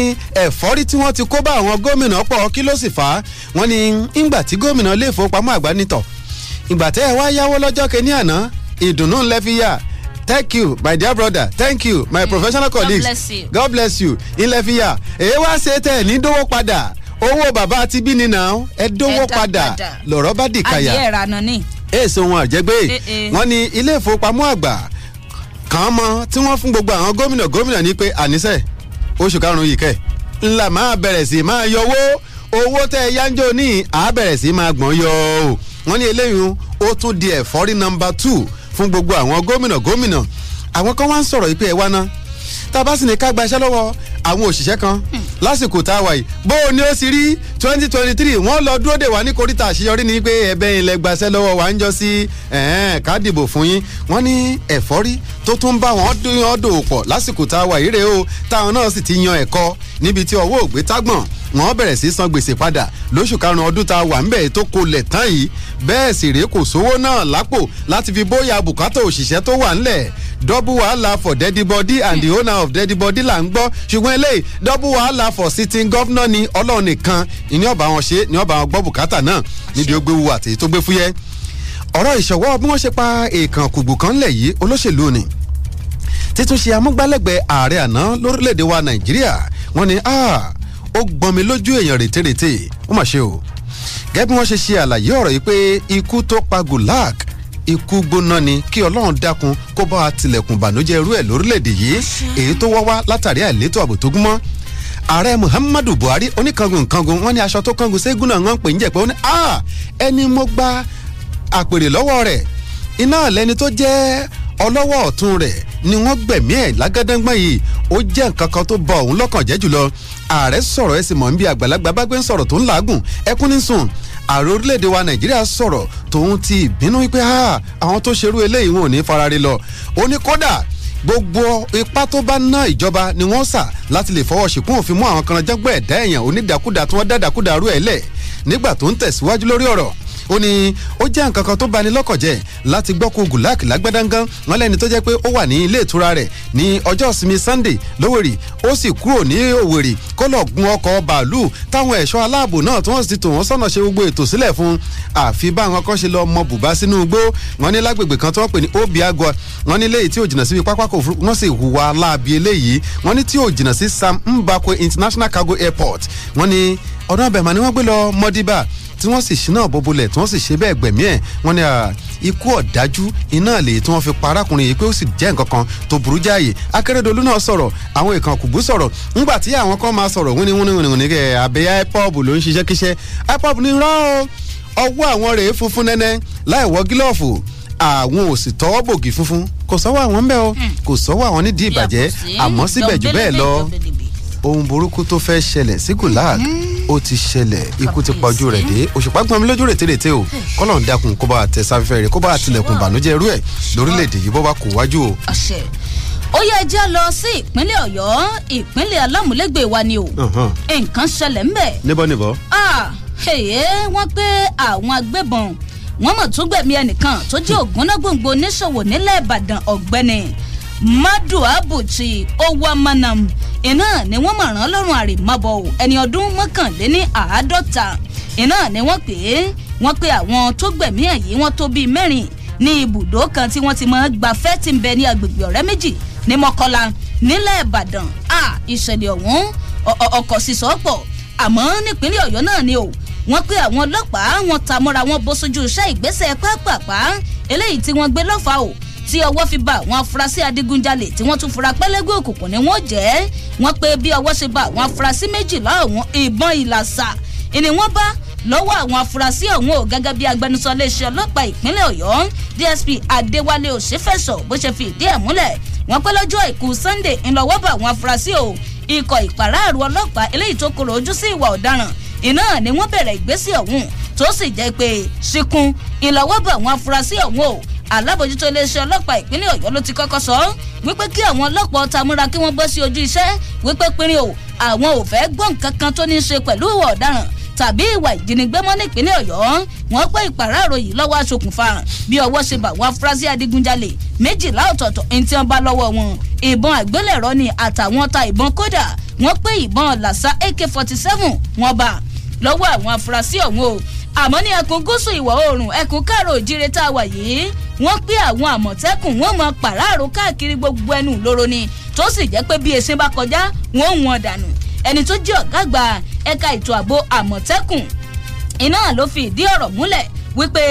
ẹ̀fọ́rí tí wọ́n ti kó bá àwọn gómìnà pọ̀ kí ló sì fà á wọ́n ní ńgbà tí gómìnà ilé ìfowópamọ́ àgbà nítọ̀ ìgbà tẹ́ ẹ wá yáwó lọ́jọ́ kẹ́ni àná ìdùnnú ńlẹ́ fi yà thank you my dear brother thank you my mm. professional colleagues god bless you ilẹ̀ fi yà èyí wá ṣe tẹ̀ ní dówó padà owó bàbá àti bí nínà ẹ dówó padà lọ̀rọ̀ bá dìkàyà. adìẹ èsì ohun àjẹgbé wọn ní ilé ìfowópamọ́ àgbà kàn án mọ́ tí wọ́n fún gbogbo àwọn gómìnà gómìnà ní pé àníṣe oṣù karùn-ún yìí kẹ́ ńlá máa bẹ̀rẹ̀ sí máa yọ owó owó tẹ́ ẹ yánjọ ní àbẹ̀rẹ̀ sí máa gbọ̀n yọ o Wọn ní eléyìí ó tún di ẹ̀fọ́rí nọmba two fún gbogbo àwọn gómìnà gómìnà àwọn kan wá ń sọ̀rọ̀ yìí pé ẹ wá náà tá a bá sì ní ká gba iṣẹ́ lọ́wọ́ àwọn òṣìṣẹ́ kan hmm. lásìkò tá a wà yìí bó o ní ó sì rí twenty twenty three wọ́n lọ dúró dè wá ní koríta àṣeyọrí ni pé ẹ̀bẹ̀ yìí lẹ gbaṣẹ́ lọ́wọ́ wa ń jọ sí ká dìbò fún yín wọ́n ní ẹ̀fọ́rí tó tún bá wọn dòó pọ̀ lásìkò tá a wà yìí rèé o táwọn náà sì ti yan ẹ̀kọ́ níbi tí ọwọ́ ògbé tágbọ̀n wọ́n bẹ̀rẹ̀ sí san gbèsè padà lóṣù karùn-ún ọdún tá a wà ńbẹ̀ tó kolẹ̀ tán yìí bẹ́ẹ̀ sì rèé kò sówó náà lápò láti fi bóyá bùkátà òṣìṣẹ́ tó wà ńlẹ̀ double wahala for deadi body and the owner of deadi body là ń gbọ́ ṣùgbọ́n eléyìí double wahala for sitting governor ni ọlọ́run nìkan ni ọba wọn ṣe ni ọba wọn gbọ́ bùkátà náà níbi ó gbé wúwo àti tó gbé fúyẹ́ ọ̀rọ̀ ìṣọ̀wọ́ bí wọ́n ṣe pa èèkàn kùgbù kan lẹ̀ yìí olóṣèlú ni títúnṣe amúgbálẹ́gbẹ̀ẹ́ ààrẹ àná lórílẹ̀‐èdè wa nàìjíríà wọ́n ní ó gbọ́n mi lójú èèyàn rètérètè ó mà ṣe o gẹ́gẹ́ bí wọ́n ṣe ṣe àlàyé ọ̀rọ̀ yìí pé ikú tó pa gulak ikú gbóná ni kí ọlọ́run dákun kó bá wa tilẹ̀kùn bànújẹ́ irú ẹ̀ lórílẹ̀‐èdè yìí èyí tó wá látàrí àìlétò ààbò tó gúnmọ́ ààrẹ muhammadu buhari oníkangun nkangun wọn ní aṣọ tó kangun ségun náà wọn ń pè ń jẹpẹ ó ní ẹni mo gba àpèrè lọ́wọ́ rẹ̀ iná lẹni tó jẹ́ ọlọ́wọ́ ọ̀tún rẹ̀ ni wọ́n gbẹ̀mí ẹ̀ lágádángbọ́n yìí ó jẹ́ nǹkan kan tó bọ òun lọ́kàn jẹ́ jùlọ ààrẹ sọ̀rọ̀ ẹ̀ sì mọ̀ ń bí àgbàlagbà bá gbé ń sọ̀rọ̀ tó ń làágùn ẹkún ní sùn ààrẹ orílẹ̀-èdè wa nàìjíríà sọ̀rọ̀ tòun ti ìbínú wípé àwọn tó ṣerú eléyìí wọn ò ní farare lọ ó ní kódà gbogbo ipá tó bá ná ìjọba ni wọ́n sà láti lè fọwọ́ ṣìkún òfin mú àwọn kan jẹ́gbẹ́ ẹ̀dá èèyàn onídàkúdà tí wọ́n dàdàkúdà rú ẹ̀ lẹ̀ nígbà tó ń tẹ̀síwájú lórí ọ̀rọ̀ ó ní ó jẹ́ nǹkan kan tó bani lọ́kàn jẹ́ láti gbọ́ kú gulak lágbádángán wọn lẹ́ni tó jẹ́ pé ó wà ní ilé ìtura rẹ̀ ní ọjọ́ ìsinmi sunday lówèrè ó sì kúrò ní òwèrè kó lọ gun ọkọ̀ bàálù táwọn ẹ̀ṣọ́ aláàbò náà tí wọ́n sì tò wọ́n sọ̀nà ṣe gbogbo ètò sílẹ̀ fún àfi báwọn kan ṣe lọ mọ bùbá sínú igbó wọn ní lágbègbè kan tí wọ́n pè ní obiagọ wọn ní léyìí tí ò jìnnà síbi pápákọ̀ òfurufú wọn sì hùwà láabi eléyìí wọn ní tí ò jìnnà sí sam mbakwe international cargo airport wọn ní ọ̀dọ́ àbẹ̀mọ̀ ni wọ́n gbé lọ mọ́díbà tí wọ́n sì ṣínà bọ́bọ́lẹ̀ tí wọ́n sì ṣe bẹ́ẹ̀ gbẹ̀mí ẹ̀ wọ́n ní ikú ọ̀dájú iná lè tí wọ́n fi pa arákùnrin yìí pé ó sì jẹ́ nǹkan kan tó burú jáàyè akérèdọ́lù náà sọ̀rọ̀ àwọn ìkan kùgbú sọ̀rọ̀ ńgbà tí àwọn kan máa sọ̀rọ̀ wíní wíní wíní wíní kẹ́ àbẹ́ ipob ló ń ṣiṣẹ́ kíṣẹ́ ipob ní rán o ọwọ́ àwọn rèé funfun nẹ́nẹ́ láì wọ gílọ́ọ̀fù àwọn ò sì tọwọ́ bògì funfun kò sọ́wọ́ àwọn ń bẹ o hmm. kò sọ́wọ́ àwọn nídìí ìbàjẹ́ àmọ́ síbẹ̀ jù bẹ́ẹ̀ lọ ohun burúkú tó fẹ́ ṣẹlẹ̀ sí Gulak hmm ó ti ṣẹlẹ̀ ikú ti pa ojú rẹ̀ dé òṣùpá gbọ́n mi lójú rètérètè o kọ́lọ́n dákun kó bá a tẹ sáfẹ́fẹ́ rẹ̀ kó bá a tilẹ̀kùn bànújẹ́ rú ẹ̀ lórílẹ̀‐èdè yìí bọ́ bá kó wájú o. ó yẹ jẹ́ lọ sí ìpínlẹ̀ ọ̀yọ́ ìpínlẹ̀ alámúlégbè wa ni o nǹkan ṣẹlẹ̀ ńbẹ̀. níbọ̀ níbọ̀. ẹ̀yẹ́ wọ́n pé àwọn agbébọn wọ́n mọ̀ tún gbẹ̀mí ẹnìkan tó jẹ́ ògúnnágbòǹgbò oníṣòwò nílẹ̀ ìbàdàn ọ̀gbẹ́ni madua buchi owamanam iná ni wọ́n mọ̀ ràn lọ́rùn àrèmábọ̀ ẹni ọdún mọ́kànléní àádọ́ta iná ni wọ́n pè é wọ́n pe àwọn tó gbẹ̀mí ẹ̀ yìí wọ́n tó bíi mẹ́rin ní ibùdó kan tí wọ́n ti máa gbafẹ́ ti ń bẹ ní agbègbè ọ̀rẹ́ méjì ní mọ́kọ́lá nílẹ̀ ìbàdàn a ìṣẹ̀lẹ̀ ọ̀hún ọkọ̀ sísọ pọ̀ àmọ́ nípínlẹ̀ ọ̀yọ́ náà ni o wọ́n pe àwọn ọlọ́pàá wọn ta mọ́ra wọn bó sójú iṣẹ́ ìgbésẹ̀ pápápá eléyìí tí wọ́n gbé lọ́fà o tí ọwọ́ fi bá àwọn afurasí adigunjalè tí wọ́n tún fura pẹ́lẹ́gbẹ́ òkùnkùn ni wọ́n jẹ́ wọ́n pé bí ọwọ́ ṣe bá àwọn afurasí méjìlá ọ̀hún ìbọn ìlàsà ìní wọ́n bá lọ́wọ́ àwọn afurasí ọ̀hún ò gẹ́gẹ́ bí agbẹnusọ iléeṣẹ́ ọlọ́pàá ìpínlẹ̀ ọ̀yọ́ dsp adéwálé òṣèfẹ̀sọ bó ṣe fi ìdí ẹ̀ múlẹ̀ wọ́n pẹ́ lọ́jọ́ àìkú sunday ńlọ́wọ́ bá àwọn afurasí ò ikọ̀ ìpàráàrù ọlọ́pàá eléyìí tó korò ojú sí ìwà ọ̀daràn iná ni wọ́n bẹ̀rẹ̀ ìgbésí ọ̀hún tó sì jẹ́ pé ṣìkún ìlọ́wọ́ bá àwọn afurasí ọ̀hún alábòjútó iléeṣẹ́ ọlọ́pàá ìpínlẹ̀ ọ̀yọ́ ló ti kọ́kọ́ sọ wípé kí àwọn ọlọ́pàá ọ̀tá múra kí wọ́n bọ́ sí ojú iṣẹ́ wípé pinrin o àwọn ò fẹ́ gbọ́ nǹkan kan tó ní í ṣe pẹ̀lú ìwà ọ̀daràn tàbí ìwà ìjínigbé mọ́ nípínlẹ̀ ọ̀yọ́ wọ́n pé ìpàráàrọ̀ yìí lọ́wọ́ aṣokùnfà bí ọwọ́ ṣe bá wọn afurasí adigunjalè méjìlá ọ̀tọ̀ọ̀tọ̀ ẹni tí wọ́n bá lọ́wọ́ wọn ìbọn àgbélẹ̀rọ ni àtàwọn ta ìbọn kódà wọ́n pé ìbọn làṣà ak forty seven wọ́n bá lọ́wọ́ àwọn afurasí ọ̀hún o àmọ́ ní ẹkùn gúúsù ìwọ̀ oòrùn ẹkùn káàrọ̀ òjire tá a wà yìí wọ́n pé àwọn àmọ̀tẹ́kùn wọ́n mọ pàráàrò káàkiri gbogbo ẹnu lóró ni tó sì jẹ́ pé bí esin bá kọjá wọ́n ń wọn dànù ẹni tó jẹ́ ọ̀gá àgbà ẹ̀ka ètò ààbò àmọ̀tẹ́kùn iná ló fi ìdí ọ̀rọ̀ múlẹ̀ wípé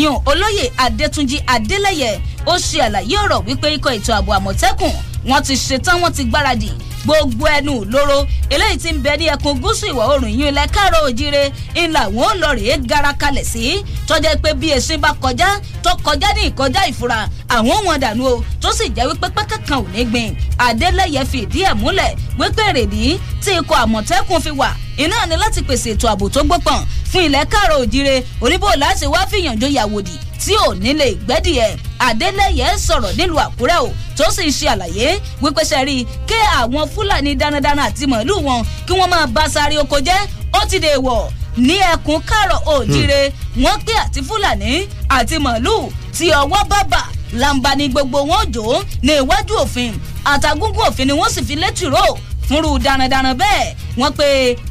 ìyàn olóyè adétúnjì adélẹyẹ ó ṣe àlàyé ọ̀rọ̀ wípé ikọ̀ ètò ààbò àmọ̀tẹ́kùn wọ́n ti ṣetán wọ́n ti gbáradì gbogbo ẹnu lóró eléyìí ti ń bẹ ní ẹkùn gúúsù ìwọ̀ oòrùn yìí ilẹ̀ káàró òjire ńlá wọn ò lọ rèé gara kalẹ̀ sí tọ́jà pé bí èsì bá kọjá tó kọjá ní ìkọjá ìfura àwọn wọn dànù o tó sì jẹ́ wípé pẹ́kẹ́ kan ò ní gbìn adélẹ́yẹ fìdí ẹ̀ múlẹ̀ wípé rèdí tí ikọ̀ àmọ̀tẹ́kùn fi wà iná ni láti pèsè ètò ààbò tó gbópọn fún ilẹ̀ káàró òjire oníbò láti wá fìyànjó yàwòdì tí ò nílé ìgbẹ́dìẹ̀ Adélẹ́yẹ sọ̀rọ̀ nílùú Àkúrẹ́ o tó sì ṣe àlàyé wípé sẹ́rí kí àwọn Fúlàní darandaran àti màálù wọn kí wọ́n máa bá sáré oko jẹ́ ó ti dèèwọ̀ ní ẹkùn kárọ̀ òjire hmm. wọ́n pé àti Fúlàní àti màálù tí ọwọ́ bàbà làǹbà ni gbogbo wọn jò ní iwájú òfin àtàgùngùn òfin ni wọ́n sì fi létí rò fúnrú darandaran bẹ́ẹ̀ wọ́n pé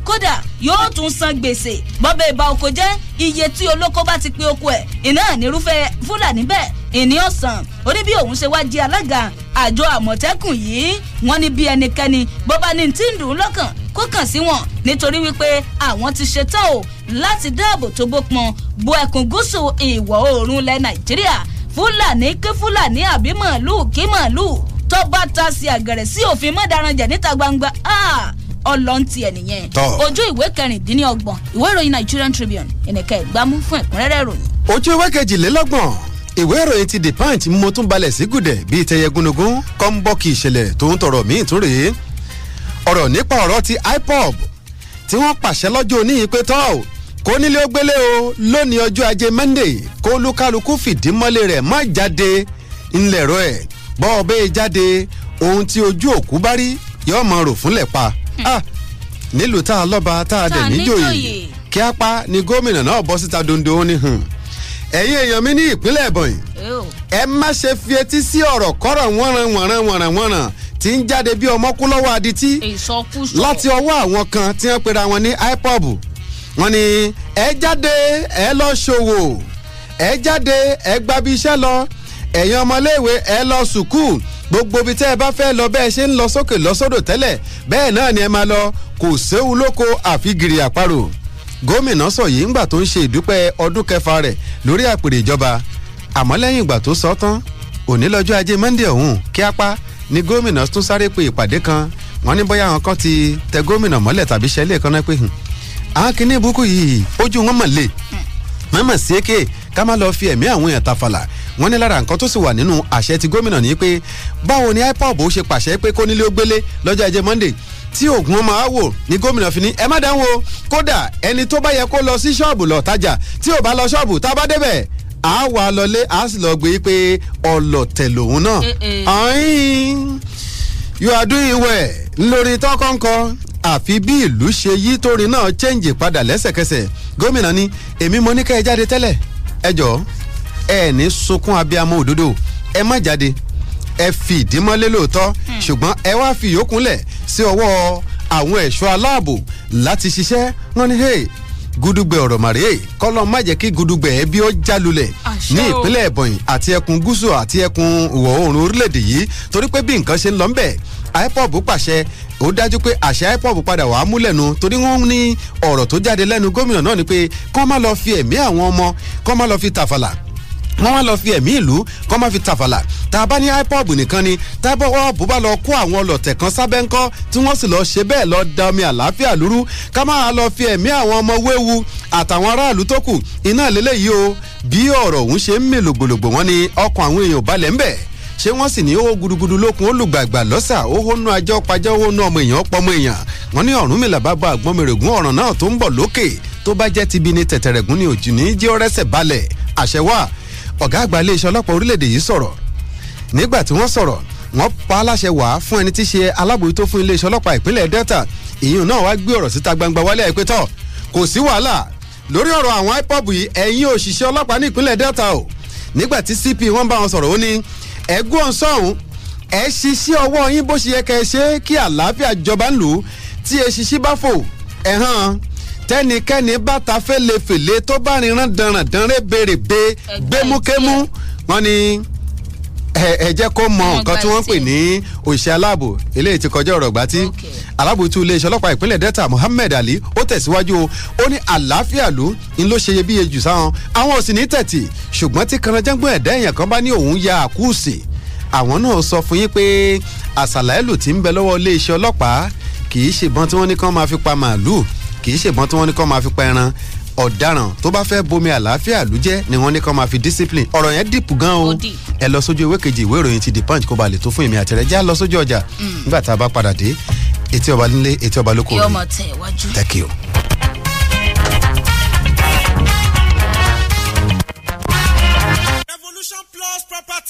kódà yóò tún san gbèsè bọ́bẹ̀ ìbá oko jẹ́ iye tí olóko bá ti pe oko ẹ̀ iná nírúfẹ́ fúlàní bẹ́ẹ̀ ìní ọ̀sán ó ní bí òun ṣe wá di alága àjọ àmọ̀tẹ́kùn yìí wọ́n ní bí ẹnikẹ́ni bọ́bá ní tí ń dùn lọ́kàn kó kàn sí wọn nítorí wípé àwọn ti ṣetán o láti dáàbò tó bópọn bo ẹkùn gúúsù ìwọ̀ oòrùn ilẹ̀ nàìjíríà fúlàní kí fúlàní àbí màálù kí màálù tó bá ta sí àgẹ̀rẹ̀ sí òfin mọ́daranjẹ̀ níta gbangba ah! ọlọ́ntì ẹ̀ nìyẹn ojú ìwé kẹrìndínlọ́gbọ̀n ìwé ìròyìn Nigerian Tribune ẹnìkẹ́ ìgbámú fún ẹ̀kúnrẹ́rẹ́ ìròyìn. ojú ìwé kejìlélọ́gbọ̀n ìwé ìròyìn ti the punch mo tún balẹ̀ sí gùdẹ̀ bíi tẹyẹ gúnugún kọ́ńbọ́ọ̀kì ìṣẹ̀lẹ̀ tó ń tọrọ míì tún rèé ọ̀rọ̀ nípa ọ̀rọ̀ ti ipob tí wọ́n pàṣẹ lọ́jọ́ oníyìí pé tọ́ kó nílé ó gbélé o lónìí ọjọ́ ajé monday kó lukaluku fìdí mọ́lé rẹ̀ má jáde ńlẹ̀rọ ẹ̀ bọ́ọ̀ bẹ́ẹ̀ jáde ohun tí ojú òkú bá rí yóò máa rò fúnlẹ̀ pa Hmm. Ah, nílùú tá a lọ́ba tá a dẹ̀ níjòyè kí á pa ni gómìnà náà bọ́ síta dondo ó ní hàn hmm. ẹ̀yin èèyàn mi ní ìpínlẹ̀ Ebonyi ẹ má ṣe fi etí sí ọ̀rọ̀ kọ́rọ̀ wọ́nran wọ̀nran wọ̀nran wọ̀nran tí ń jáde bí ọmọkú lọ́wọ́ adití láti ọwọ́ àwọn kan tí wọ́n pera wọn ní IPOB wọn ni ẹ jáde ẹ lọ ṣòwò ẹ jáde ẹ gbabi iṣẹ́ lọ ẹ̀yin ọmọléèwé ẹ lọ sùkúù gbogbo ibi tẹ́ ẹ bá fẹ́ lọ bẹ́ẹ̀ ṣe ń lọ sókè lọ́sódò tẹ́lẹ̀ bẹ́ẹ̀ náà ni ẹ máa lọ kò séwu lóko àfi gìrì àparò gómìnà sọ yìí ńgbà tó ń ṣe ìdúpẹ́ ọdún kẹfà rẹ̀ lórí àpèrè ìjọba àmọ́ lẹ́yìn ìgbà tó sọ tán òní lọ́jọ́ ajé monde ọ̀hún kíápá ni gómìnà tún sáré pe ìpàdé kan wọ́n ní bóyá àwọn kan ti tẹ gómìnà mọ́lẹ̀ tàbí ṣẹlẹ̀ kan náà pé àwọn kìnnìún burúkú yìí ojú wọn mọ̀ lè mọ̀mọ̀ sí èké ká má lọ fi ẹ̀mí àwọn èèyàn tafàlà wọ́n ní lára nǹkan tó sì wà nínú àṣẹ ti gómìnà ní pé báwo ni ipob ó ṣe pàṣẹ pé kónílé ó gbélé lọ́jọ́ ajé monday tí oògùn ọmọ á wò ní gómìnà fi ní ẹ má dánwò kódà ẹni tó bá yẹ kó lọ sí ṣọ́ọ̀bù lọ tajà tí ò bá lọ ṣọ́ọ̀bù tá a bá débẹ̀ a wà lọlé a sì lọ gbé e pé ọlọ̀tẹ̀ lòun náà ọ̀hìn you are doing well lórí tọkọ̀ǹkọ̀ àfi bí ìlú ṣe yí torí náà chẹ́ǹjì padà lẹ́sẹ̀kẹsẹ̀ gómìnà ni èmi mo ní ká ẹ jáde tẹ́lẹ̀ ẹ jọ̀ọ́ ẹ ní sunkún abiyamọ òdodo ẹ má jáde ẹ fi ìdí mọ́lé lóòótọ́ hmm. ṣùgbọ́n ẹ wá fi ìyókù lẹ̀ sí ọwọ́ àwọn ẹ̀ṣọ́ aláàbò láti ṣiṣẹ́ wọn ni hey gudugbẹ ọ̀rọ̀ màrè kọ́lọ́ má jẹ́ kí gudugbẹ ẹbí ó jálulẹ̀ ní ìpínlẹ̀ ẹ̀bọ̀nyìn àti ẹkùn gúúsù àti ẹkùn ìwọ̀ oòrùn orílẹ̀-èdè yìí torí pé bí nǹkan ṣe ń lọ ń bẹ̀ ipob pàṣẹ ó dájú pé àṣẹ ipob padà wàá mú torí wọ́n ní ọ̀rọ̀ tó jáde lẹ́nu gómìnà náà ni pé kọ́ má lọ fi ẹ̀mí àwọn ọmọ kọ́ má lọ fi tàfàlà wọ́n wá lọ fi ẹ̀mí ìlú kọ́ máa fi tàfàlà tá a bá ní ipob nìkan ni tábọ̀wọ́ bó bá lọ kó àwọn ọlọ́tẹ̀ kan sábẹ́ ńkọ́ tí wọ́n sì lọ ṣe bẹ́ẹ̀ lọ da omi àlàáfíà lúrú ká máa lọ fi ẹ̀mí àwọn ọmọ wéwu àtàwọn aráàlú tó kù iná lélẹ́yìí o bí ọ̀rọ̀ òun ṣe ń mì lògbòlògbò wọn ni ọkàn àwọn èèyàn balẹ̀ ńbẹ̀ ṣé wọ́n sì ní owó gudugudu lókun olùgbàgbà lọ́sà ó hónú ajọ́ pajọ́ hónú ọmọ èèyàn pọ́mọ èèyàn wọ́n ní ọ̀rùn mìlá bá bá àgbọ̀nmẹ̀rẹ̀gún náà tó ń bọ̀ lókè tó bá jẹ́ ti ni tẹ̀tẹ̀rẹ̀gún ni òjì ní jẹ́ ọ̀rẹ́sẹ̀ balẹ̀ àṣẹ wà ọ̀gá àgbà iléeṣẹ́ ọlọ́pàá orílẹ̀-èdè yìí sọ̀rọ̀ nígbà tí wọ́n sọ̀rọ̀ wọ́n pa á láṣẹ wá fún ẹni tí í ṣe alábòójútó fún iléeṣẹ́ ọlọ́pàá ìpínlẹ̀ Delta ìyún náà wá gbé ọ̀rọ̀ síta gbangba wálé àìpé tọ̀ kò sí wàhálà lórí ọ̀rọ̀ àwọn IPOB yìí ẹ̀yin òṣìṣẹ́ ọlọ́pàá ní ìpínlẹ̀ Delta o nígbà tí CP wọ́n bá wọn sọ̀rọ̀ ó ní ẹ̀gbọ́n sọ̀hún ẹ ṣiṣẹ́ ọwọ́ yín bó ṣe yẹ kẹ́ ẹ ṣe kí àlàáfíà jọba ń lù ú tí ẹ ṣiṣẹ́ bá fò ẹ̀hán tẹ́nikẹ́ni bàtà fèlèfèlè tó bá rinran danrandan rébèrèbè gbémúkémú wọ́n ní ẹ jẹ́ kó mọ nǹkan tí wọ́n pè ní òṣìṣẹ́ aláàbò eléyìí ti kọjá ọ̀rọ̀ gbà tí alábòótú iléeṣẹ́ ọlọ́pàá delta Muhammed Ali ó tẹ̀síwájú o ó ní àlàáfíà ló ń ló ṣe iyebíye jù sáwọn àwọn ò sì ní tẹ̀tì ṣùgbọ́n tí kanajẹ́gbọ́n ẹ̀dá èèyàn kan bá ní òun ya àkúùsì àwọn náà sọ fún yín pé àṣàlà ẹlò tí ń bẹ lọ́wọ́ iléeṣẹ́ ọlọ́pàá kì í ṣèbọn tí wọ́n ní kán máa fi pa màálùú kì í ṣèbọn tí wọ́n ní kó máa fi pa ẹran ọ̀daràn tó bá fẹ́ bomi àlàáfíà lújẹ́ ni wọ́n ní kó máa fi discipline ọ̀rọ̀ yẹn dìpù gan o ẹ lọ sójú ìwé kejì ìwé ìròyìn ti the punch kó ba lè tó fún èmi àtẹ̀rẹ́já lọ sójú ọjà mm. nígbà tá a bá padà dé etí ọba nílé etí ọba lóko rẹ thank you.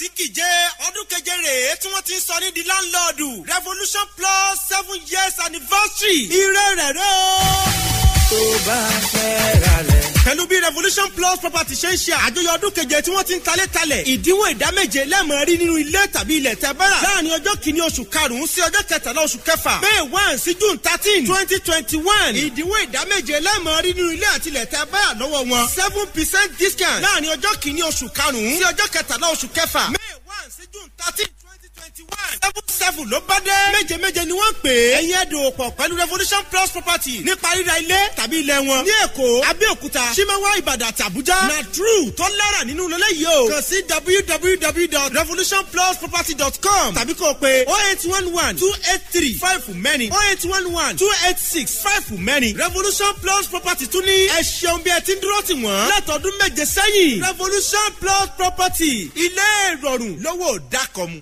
tí kìjẹ́ ọdún keje rèé tí wọ́n ti ń sọ ní di láńlọ́ọ̀dù revolution plus seven years anniversary ire rẹ̀ rẹ́ o tó bá fẹ́ ra lẹ̀. pẹ̀lú bí revolution plus property ṣe ń ṣe àjọyọ̀ ọdún keje tí wọ́n ti ń talé talẹ̀ ìdínwó ìdá méje lẹ́ẹ̀mọ́ rí nínú ilé tàbí ilẹ̀ tẹ́ bára láàrin ọjọ́ kìíní oṣù karùn-ún sí ọjọ́ kẹtàlá oṣù kẹfà may one sí june thirteen twenty twenty one ìdínwó ìdá méje lẹ́ẹ̀mọ́ rí nínú ilé àti ilẹ̀ tẹ́ bára lọ́wọ́ wọn seven percent discount láàrin ọjọ́ kìíní oṣù karùn-ún sí ọjọ́ kẹtàlá oṣù kẹfà may one sí june thirteen seven ló bá dé. méje méje ni wọ́n pè é. ẹ̀yin ẹ̀dùn pọ̀ pẹ̀lú revolution plus property nípa ríra ilé tàbí ilẹ̀ wọn. ní èkó abẹ́òkúta simawa ìbàdàn àti àbújá. na true tó lára nínú lọ́lẹ́ yìí o. kàn sí www.revolutionplusproperty.com tàbí kò pé oh eight one one two eight three five for many oh eight one one two eight six five for many revolution plus property tún ní. ẹ ṣeun bí ẹ ti ń dúró tì wọ́n. látọ̀dún méje sẹ́yìn revolution plus property ilé ìrọ̀rùn lówó dákọ̀mu.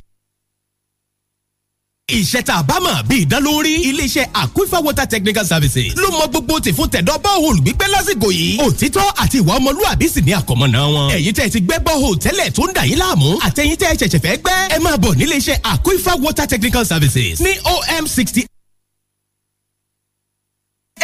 iṣẹ́ tá a bá mọ̀ bí ìdán iléeṣẹ́ aquifer water technical services ló mọ gbogbo tì fún tẹ̀dọ́ bọ́ọ̀hùn gbígbẹ́ lásìkò yìí òtítọ́ àti ìwà ọmọlúwàbí sì ní àkọ́mọ́ná wọn. ẹ̀yin tẹ́ ẹ ti gbẹ́ bọ́ọ̀hùn tẹ́lẹ̀ tó ń dà yín láàmú àtẹ̀yin tẹ́ ẹ ṣẹ̀ṣẹ̀ fẹ́ gbẹ́ ẹ máa bọ̀ níléeṣẹ́ aquifer water technical services ní om sixty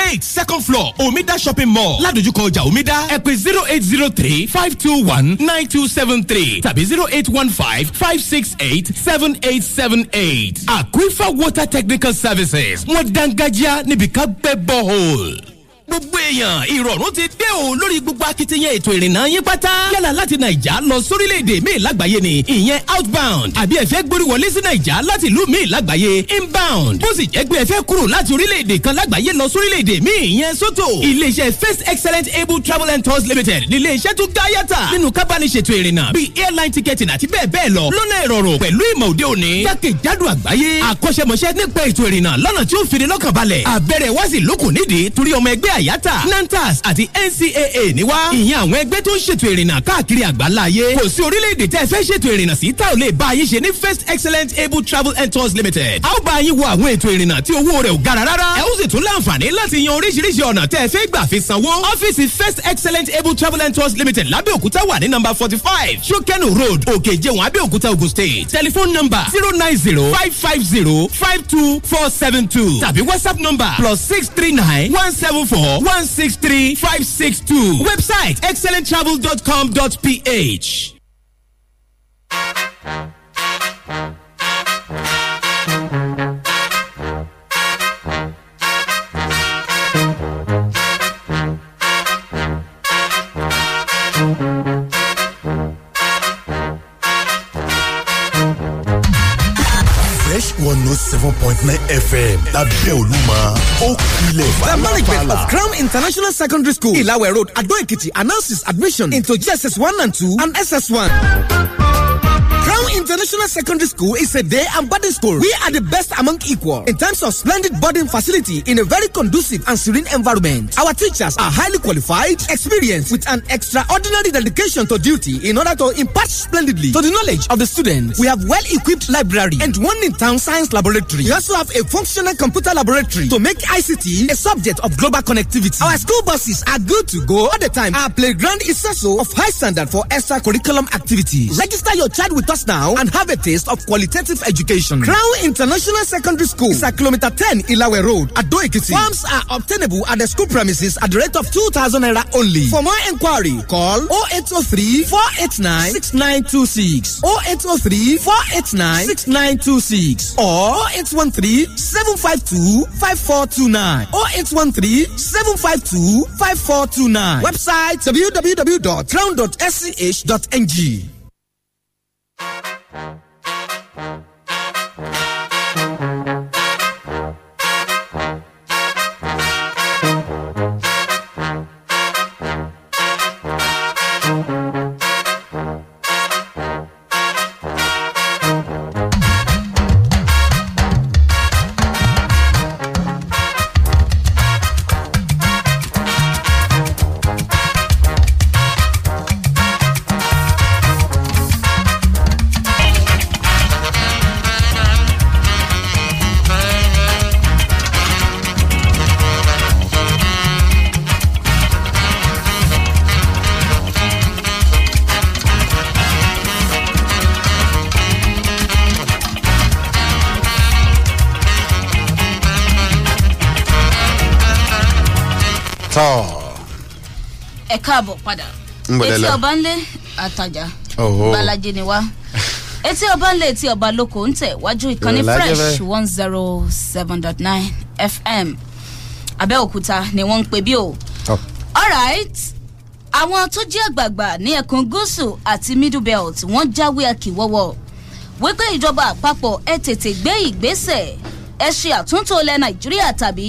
eight second floor omida shopping mall ládojúkọ ọjà omida ẹ pè zero eight zero three five two one nine two seven three tàbí zero eight one five five six eight seven eight seven eight aquifer water technical services wọ́n dángájá níbi ká gbẹ́ borehole gbogbo èèyàn ìrọ̀rùn ti dé o lórí gbogbo akitiyan ètò ìrìnnà yín pátá yálà láti nàìjà lọ sórílẹ̀-èdè míì lágbàáyé ni ìyẹn outbound àbí ẹ fẹ́ gbórí wọlé sí nàìjà láti ìlú míì lágbàáyé inbound bó sì jẹ́ pé ẹ fẹ́ kúrò láti orílẹ̀-èdè kan lágbàáyé lọ sórílẹ̀-èdè míì ìyẹn sótò iléeṣẹ́ first excellent able travel and tours limited nílé iṣẹ́ tó ga yàtà nínú kábàániṣètò ìrìnnà bíi airline ticketing àti bẹ́ẹ̀ bẹ́ẹ̀ lọ lọ́nà ìrọ̀rùn pẹ̀lú ìmọ̀ òde òní jákèjádò àgbáyé àkọ́ṣẹ́mọṣẹ́ nípa ètò ìrìnnà lọ́nà tí ó fi ni lọ́kàn balẹ̀ àbẹ̀rẹ̀ wá sí lókùn nídìí torí ọmọ ẹgbẹ́ ìpínlẹ̀ àyàtà nantas àti ncaa ní wá. ìyẹn àwọn ẹgbẹ́ tó ń ṣètò ìrìnnà káàkiri àgbáńlá ayé. kò sí orílẹ̀-èdè tẹ́ ẹ fẹ́ ṣètò ìrìnnà sí tá ò lè bá yín ṣe ní first excellent able travel and tours limited. a ó bá yín wo àwọn ètò ìrìnnà tí owó rẹ̀ ò gara rárá. ẹ ó sì tún láǹfààní láti yan oríṣiríṣi ọ̀nà tẹ́ ẹ fẹ́ gbà fi sanwó. ọ́fíìsì first excellent able travel and tours limited lábẹ́òkúta wà ní nọ́mbà forty five sokenu road òkèjeun abẹ́òkúta ogun state telephone number zero nine zero five five zero five two four seven two tàbí whatsapp number plus six three nine one seven four One six three five six two. Website excellenttravel.com.ph. 7.9 FM lábẹ́ Olúmọ ó kilẹ̀ fàlàfàlà. The management of Crown International Secondary School Ilawe Road, Ado Ekiti announces admission into GSS 1 and 2 and SS 1. Crown International Secondary School is a day and boarding school. We are the best among equal in terms of splendid boarding facility in a very conducive and serene environment. Our teachers are highly qualified, experienced, with an extraordinary dedication to duty in order to impart splendidly to the knowledge of the students. We have well-equipped library and one in town science laboratory. We also have a functional computer laboratory to make ICT a subject of global connectivity. Our school buses are good to go all the time. Our playground is also of high standard for extracurricular activities. Register your child with us now and have a taste of qualitative education. Crown International Secondary School is at kilometer 10 Ilawe Road, Ado Ekiti. Forms are obtainable at the school premises at the rate of 2,000 naira only. For more inquiry, call 0803 489 6926, 0803 489 6926 or 0813 752 5429, 0813 752 5429. Website www.crown.sch.ng. káàbọ̀ padà etí ọba ńlé àtàjà balaje ni wá (laughs) etí ọba ńlẹ̀ etí ọba lóko ń tẹ̀ wájú ìkànnì fresh one zero oh seven dot nine fm abẹ́òkúta ni wọ́n ń pè bí o. alright àwọn tó jẹ́ àgbààgbà ní ẹkùn gúúsù àti middle belt wọ́n jáwé akíwọ́wọ́ wípé ìjọba àpapọ̀ ẹ tètè gbé ìgbésẹ̀ ẹ ṣe àtúntò ilẹ̀ nàìjíríà tàbí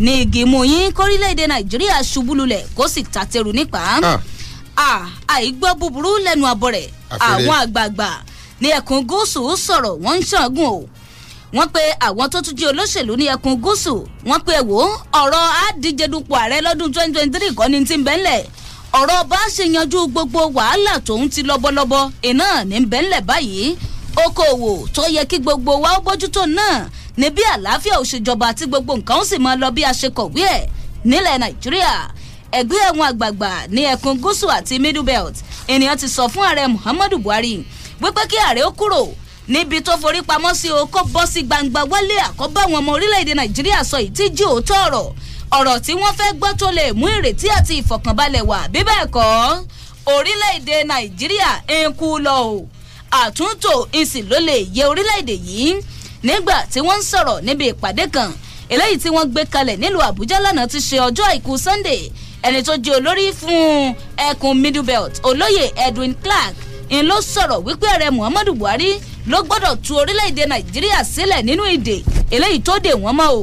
ní igi mú yín kórílẹ̀-èdè nàìjíríà ṣubú lulẹ̀ kó sì tàtẹrù nípa ah. àìgbọ́ búburú lẹ́nu abọ́rẹ̀ àwọn àgbààgbà ní ẹkùn gúúsù sọ̀rọ̀ wọ́n ń ṣàngùn o wọ́n pe àwọn tó tún jẹ́ olóṣèlú ní ẹkùn gúúsù wọ́n pe ẹ̀wò ọ̀rọ̀ àdíjedupò ààrẹ lọ́dún 2023 kọ́ni ti ń bẹ́ńlẹ̀ ọ̀rọ̀ bá ṣe yanjú gbogbo wàhálà tòun ti lọ́bọ̀lọ́bọ̀ iná ní bẹ́ńlẹ̀ báyìí okòòwò tó yẹ kí gbogbo ní bí àlàáfíà ò ṣèjọba àti gbogbo nǹkan ó sì máa lọ bí a ṣe kọ̀wé ẹ̀ nílẹ̀ nàìjíríà ẹgbẹ́ ẹ̀wọ̀n àgbààgbà ní ẹkùn gúúsù àti middle belt ènìyàn ti sọ fún ààrẹ muhammadu buhari wípé kí ààrẹ ó kúrò níbi tó forí pamọ́ sí o kó bọ́ sí gbangba wálé àkọ́bá àwọn ọmọ orílẹ̀-èdè nàìjíríà sọ ìtí jí òótọ́ ọ̀rọ̀ ọ̀rọ̀ tí wọ́n fẹ́ gbọ́ tó lè mú ìrètí àti ìfọ̀kànbalẹ̀ wà bí bẹ́ẹ̀ kọ́ orílẹ̀-èdè nàìjíríà ń kú lọ o àtúntò ìsìn ló lè yẹ orílẹ̀-èdè yìí nígbà tí wọ́n ń sọ̀rọ̀ níbi ìpàdé kan eléyìí tí wọ́n gbé kalẹ̀ nílùú àbújá lánàá ti ṣe ọjọ́ àìkú sunday ẹni tó jẹ́ olórí fún ẹkùn middle belt olóyè edwin clark ń ló sọ̀rọ̀ wípé ààrẹ muhammadu buhari ló gbọ́dọ̀ tu orílẹ̀-èdè nàìjíríà sílẹ̀ nínú ìdè eléyìí tó dè wọ́n mọ́ o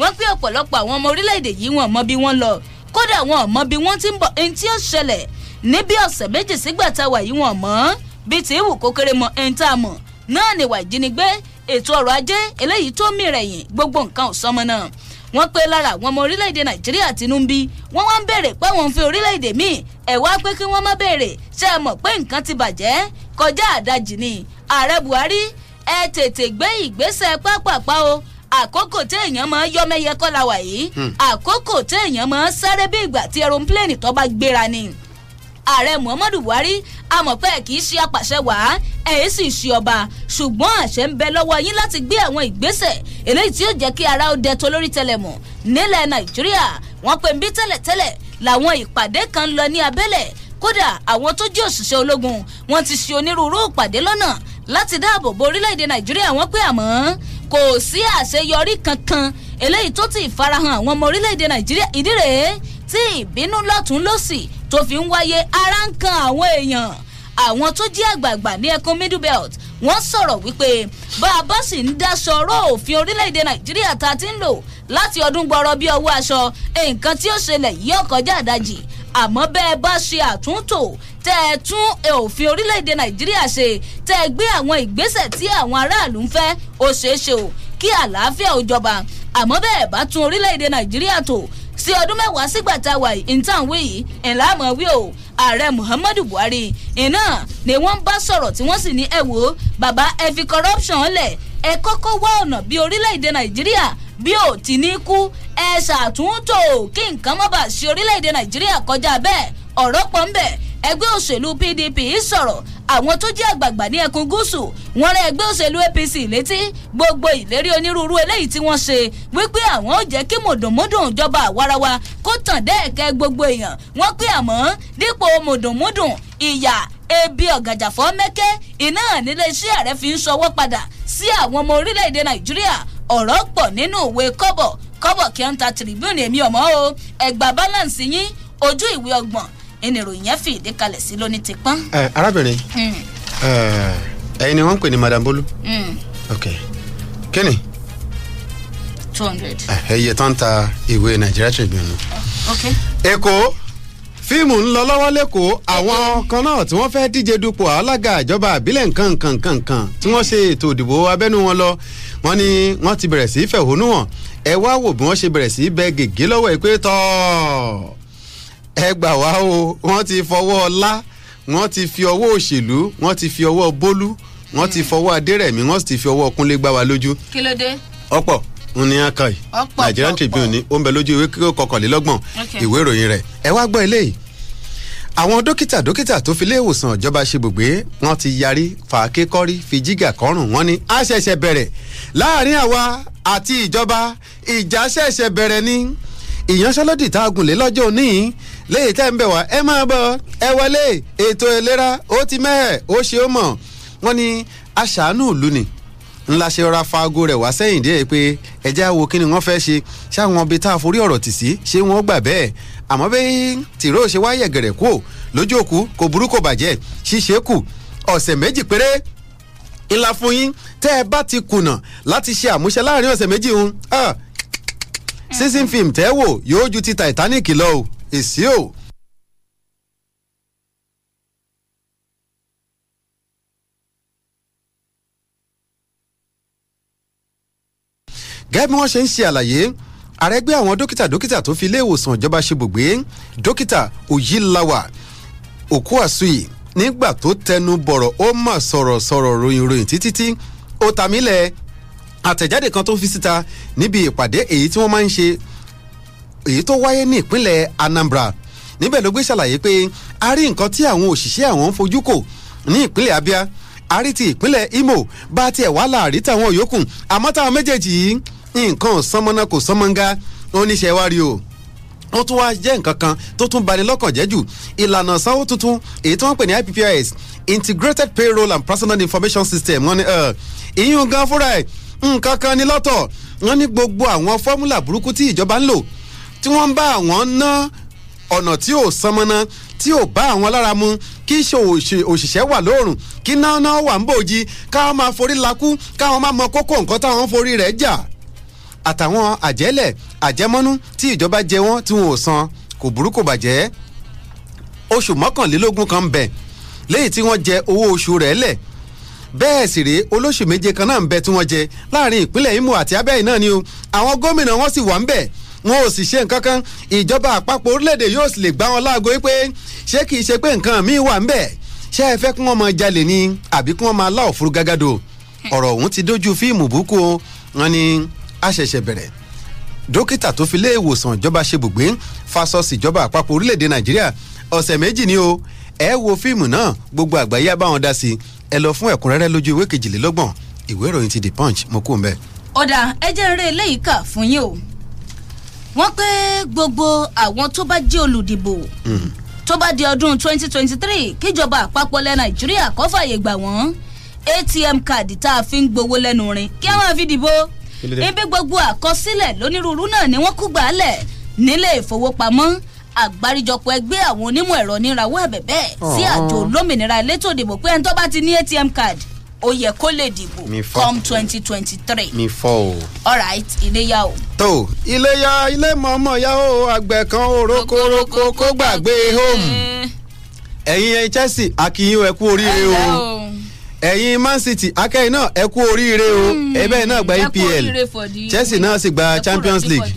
wọ́n pé ọ̀pọ̀lọpọ̀ àwọn ọmọ orílẹ̀-èdè yìí wọn mọ bí wọ́n lọ kódà wọn mọ bí wọ́n ti ń bọ̀ ẹni tí ó ṣẹlẹ̀ ní bí ọ̀sẹ̀ méjì sígbà tá a wà yìí wọn mọ́ bí tí ìwù kókéré mọ ẹni tá a mọ̀ náà nìwà ìjínigbé ètò ọrọ̀ ajé eléyìí tó mì rẹ̀yìn gbogbo nǹkan ò sọmọ náà wọ́n pé lára àwọn ọmọ orílẹ̀-èdè nàìjíríà tinúbí wọ́n wá ń béèrè pé wọ́n ń fi orílẹ̀-èdè míì ẹ̀ wá pé kí wọ́n má béèrè ṣé ẹ mọ̀ pé nǹkan ti bàjẹ́ kọjá àdájì ni ààrẹ buhari ẹ tètè gbé ìgbésẹ̀ pápápá o àkókò tí èèyàn máa yọmẹyẹ kọ́ la wà yìí hmm. àkókò tí èèyàn máa sáré bí ìgbà tí aeroplane tó bá gbéra ni ààrẹ muhammadu buhari amọ̀pẹ́ kì í ṣe apàṣẹ wàá ẹ̀yìn sì ṣe ọba ṣùgbọ́n àṣẹ ń bẹ lọ́wọ́ yín láti gbé àwọn ìgbésẹ̀ eléyìí tí yóò jẹ́ kí ara ó dẹ tó lórí tẹlẹ̀mù nílẹ̀ nàìjíríà wọ́n pe nbí tẹ́lẹ̀tẹ́lẹ̀ làwọn ìpàdé kan lọ ní abẹ́lẹ̀ kódà àwọn tó jẹ́ òṣìṣẹ́ ológun wọ́n ti ṣe onírúurú ìpàdé lọ́nà láti dáàbò bo orílẹ̀-èdè nàìjíríà wọ́n pé àmọ́ kò sí àṣeyọrí kankan eléyìí tó ti farahàn àwọn ọmọ orílẹ̀-èdè nàìjíríà ìdí tí ìbínú lọ́tún lọ́sì tó fi ń wáyé ara ń kan àwọn èèyàn àwọn tó jẹ́ àgbààgbà ní ẹkùn middle belt wọ́n sọ̀rọ̀ wípé bá a bá sì ń dá sọ̀rọ̀ òfin orílẹ̀-èdè nàìjíríà tá a ti ń lò láti ọdún gbọ́rọ̀ bí ọwọ́ aṣọ nǹkan tí ó ṣẹlẹ̀ yìí ọ̀kọ́jà àdájì àmọ́ bẹ́ẹ̀ bá ṣe àtúntò tẹ́ ẹ tún òfin orílẹ̀-èdè nàìjíríà ṣe tẹ́ ẹ gbé àwọn ìgbésẹ̀ tí àwọn aráàlú ń fẹ́ ó ṣeé o kí àlàáfíà ó jọba àmọ́ bẹ́ẹ̀ bá tún orílẹ̀-èdè nàìjíríà tò sí ọdún mẹ́wàá sígbà tá a wà yìí ní tàn wí yìí ńlá àmọ́ wí o ààrẹ muhammadu buhari iná ni wọ́n bá sọ̀rọ̀ tí wọ́n sì ní ẹ wò bàbá ẹ fi corruption lẹ̀ ẹ kọ́kọ́ wá ọ̀nà bí orílẹ̀-èdè nàìjíríà bí ò ti ní kú ẹ ṣàtúntò kí nǹkan má bàa ṣe orílẹ̀-èdè nàìjíríà kọjá bẹ́ẹ̀ ọ̀rọ̀ pọ̀ ń bẹ̀ ẹgbẹ́ òṣèlú PDP sọ̀rọ̀ àwọn tó jẹ́ àgbààgbà ní ẹkùn gúúsù wọ́n rán ẹgbẹ́ òṣèlú APC létí gbogbo ìlérí onírúurú eléyìí tí wọ́n ṣe wípé àwọn ò jẹ́ kí mọ̀dùnmọ́dùn ìjọba àwarawa kó tàn dé ẹ̀kẹ́ gbogbo èèyàn wọ́n pé àmọ́ dípò mọ̀dùnmọ́dùn ìyà ebi ọ̀gàjàfọ́ mẹ́kẹ́ iná nílé iṣẹ́ ààrẹ fi ń ṣọwọ́ padà sí àwọn ọmọ orílẹ̀-èdè Nàìjíríà ọ̀rọ̀ pọ̀ nínú ìwé kọ́bọ̀ kọ́bọ̀ kí wọ́n ta Tribune èmi ọ̀mọ́ o ẹ̀gbà balance yín ojú ìwé ọgbọ̀n ẹni ìròyìn yẹn fi ìdí kalẹ̀ sí lóní ti pọ́n. ẹ arábìnrin hmm. ẹyin ni wọn ń pè ní madam bolu. Hmm. ok kíni. two hundred. ẹyẹ tó ń ta ìwé nigeria tribune. ok. èkó fíìmù ń lọ lọ́wọ́ lẹ́kọ̀ọ́ àwọn kan náà tí wọ́n fẹ́ díje dupò alága ìjọba àbílẹ̀ nǹkan nǹkan nǹkan nǹkan tí wọ́n ṣe ètò ìdìbò abẹ́nú wọn lọ wọ́n ní wọ́n ti bẹ̀rẹ̀ sí í fẹ̀hónú hàn ẹ wá wò bí wọ́n ṣe bẹ̀rẹ̀ sí í bẹ gègé lọ́wọ́ ẹ ẹ gbà wá o wọ́n ti fọwọ́ ọlá wọ́n ti fi ọwọ́ òṣèlú wọ́n ti fi ọwọ́ bólú wọ́n ti hmm. fọwọ́ adérẹ̀mí wọ́n sì ti fi ọwọ́ kúnlé gbá wa lójú. kí ló dé. ọ̀pọ̀ n ní akọ yìí Nigerian Tribune ní ó ń bẹ lójú ìwé kọkànlélọ́gbọ̀n ìwé ìròyìn rẹ̀ ẹ wá gbọ́ eléyìí àwọn dókítà dókítà tó fi iléèwòsàn ìjọba ṣe gbògbé wọn ti yarí fàáké kọrí fi jígà kọrùn wọn ni a ṣẹ̀ṣẹ̀ bẹ̀rẹ̀ láàrin àwa àti ìjọba ìjà ṣẹ̀ṣẹ̀ bẹ̀rẹ̀ ni ìyanṣẹ́lódì tá a gùn lé lọ́jọ́ òní léyìí tẹ́ ń bẹ̀ wá ẹ máa bọ̀ ẹ wọlé ètò ìlera ó ti mẹ́ẹ̀ ó ṣe ó mọ̀ wọ́n ní aṣàánú ìlú ni ńlá ṣe rọra fa aago rẹ̀ wá sẹ́yìn díẹ̀ pé ẹjẹ́ wo kí ni wọ́n fẹ́ ṣe ṣáwọn ibi tá a forí ọ̀rọ̀ tì sí ṣé wọ́n gbà bẹ́ẹ̀ àmọ́ bẹ́ẹ̀ tìró ṣe wáyẹ̀ gẹ̀rẹ̀ kú lójú òkú kò burú bàjẹ́ ṣíṣe kù ọ̀sẹ̀ méjì péré ńlá fún yín tẹ́ ẹ bá ti kùnà láti ṣe àmúṣe láàrin ọ̀sẹ̀ méjì hun ah, sísìn fíìmù tẹ́ wò yóò ju ti Titanic lọ o èsì o. gẹ́gẹ́ bí wọ́n ṣe ń ṣe àlàyé àrẹ́gbẹ́ àwọn dókítà dókítà tó fi ilé ìwòsàn ìjọba ṣe bùgbé dókítà Òyìnláwà Òkúàsùyì nígbà tó tẹnu bọ̀rọ̀ ó mà sọ̀rọ̀ sọ̀rọ̀ ròyìn ròyìn títí tí ó ta àtẹ̀jáde kan tó fi síta níbi ìpàdé èyí tí wọ́n máa ń ṣe èyí tó wáyé ní ìpínlẹ̀ Anambra níbẹ̀ ló gbé ṣàlàyé pé a rí nǹkan tí àwọn òṣìṣẹ́ àwọn ń fojú kò ní ìpínlẹ̀ Abia a rí ti ìpínlẹ̀ Imo bá tiẹ̀ wá láàrí tàwọn yòókù àmọ́ táwọn méjèèjì yìí nǹkan sánmọ́ná kò sánmọ́ngá oníṣẹ́ wá rí o ó tún wáá jẹ́ nǹkan kan tó tún bani lọ́kàn jẹ́ ìlànà sanwó tuntun èyí tí wọ́n pè ní IPPIS integrated payroll and personal information system wọ́n ní ìyún gan fúnra ẹ̀ nǹkan kan ní lọ́tọ̀ wọ́n ní gbogbo àwọn fọ́múlà burúkú tí ìjọba ń lò tí wọ́n ń bá àwọn ná ọ̀nà tí ò sanmọ́ná tí ò bá àwọn lára mu kí òṣìṣẹ́ wà lóòrùn kí náná wà ń bòji káwọn máa forí lakú káwọn máa mọ kókó nǹkan táwọn ń forí rẹ̀ jà àtàwọn àjẹ́lẹ̀ àjẹmọ́nú tí ìjọba jẹ wọ́n tí wọn ò san kò burú kò bàjẹ́ oṣù mọ́kànlélógún kan bẹ̀ lẹ́yìn tí wọ́n jẹ owó oṣù rẹ̀ lẹ̀ bẹ́ẹ̀ sì rèé olóṣù méje kan náà ń bẹ tí wọ́n jẹ láàrin ìpínlẹ̀ Imo àti Abẹ́yìn náà ni o àwọn gómìnà wọn sì wà ń bẹ̀ wọn ò sì ṣe nǹkan kan ìjọba àpapọ̀ orílẹ̀-èdè yóò sì lè gbá wọn láago wípé ṣé kìí ṣe pé nǹkan míì wà ń bẹ̀ ṣé ẹ fẹ́ kí wọ́n máa jalè ni àbí kí wọ́n máa lá òfuru gágádò ọ̀rọ̀ ọ̀hún ti dójú fíìmù búkú wọn ni a ṣẹ̀ṣẹ̀ bẹ̀rẹ̀ dókítà tó fi lé ìwòsàn ìjọba ṣe bùgbé fasọsì ìjọba àpapọ̀ orílẹ̀-èdè nàìjíríà ọ̀sẹ̀ méjì ni o ẹ wo fíìmù náà gbogbo àgbáyé á bá wọn dá sí ẹ lọ fún ẹ̀kúnrẹ́rẹ́ lójú ìwé kejìlélọ́gbọ̀n ìwé ìròyìn ti the punch mo kú ń bẹ́ẹ̀. ọ̀dà ẹ jẹ́ eré eléyìí kà fún yín o wọ́n pé gbogbo àwọn tó bá jẹ́ olùdìbò hmm. tó bá di ọdún 2023 kíjọba àpapọ̀ lẹ nàìjíríà kó fàyè gbà wọ́n atm káàdì tá a fi ń gbowó lẹ́nu rin kí a máa fi dìbò ibi gbogbo àkọsílẹ̀ lónírúurú náà ni wọ́n kú gbàálẹ̀ nílé ìfowópamọ́ àgbáríjọpọ̀ ẹgbẹ́ àwọn onímọ̀ ẹ̀rọ nírawọ́ ẹ̀bẹ̀ bẹ́ẹ̀ sí àjọ olómìnira elétò ìdìbò pé ẹni tó bá ti ní atm káàdì o yẹ kó lè dìbò come twenty twenty three. mi fọ o. alright iléyà o. tó iléyà ilé mọ̀ọ́mọ̀ yá o àgbẹ̀ kan orokoroko kó gbàgbé home. ẹ̀yin Chelsea akínyìn ẹ kú oríire o ẹ̀yin Man City akẹ́yìn náà ẹ kú oríire o hmm, ẹ̀bẹ̀ náà gba EPL Chelsea náà sì gba Champions League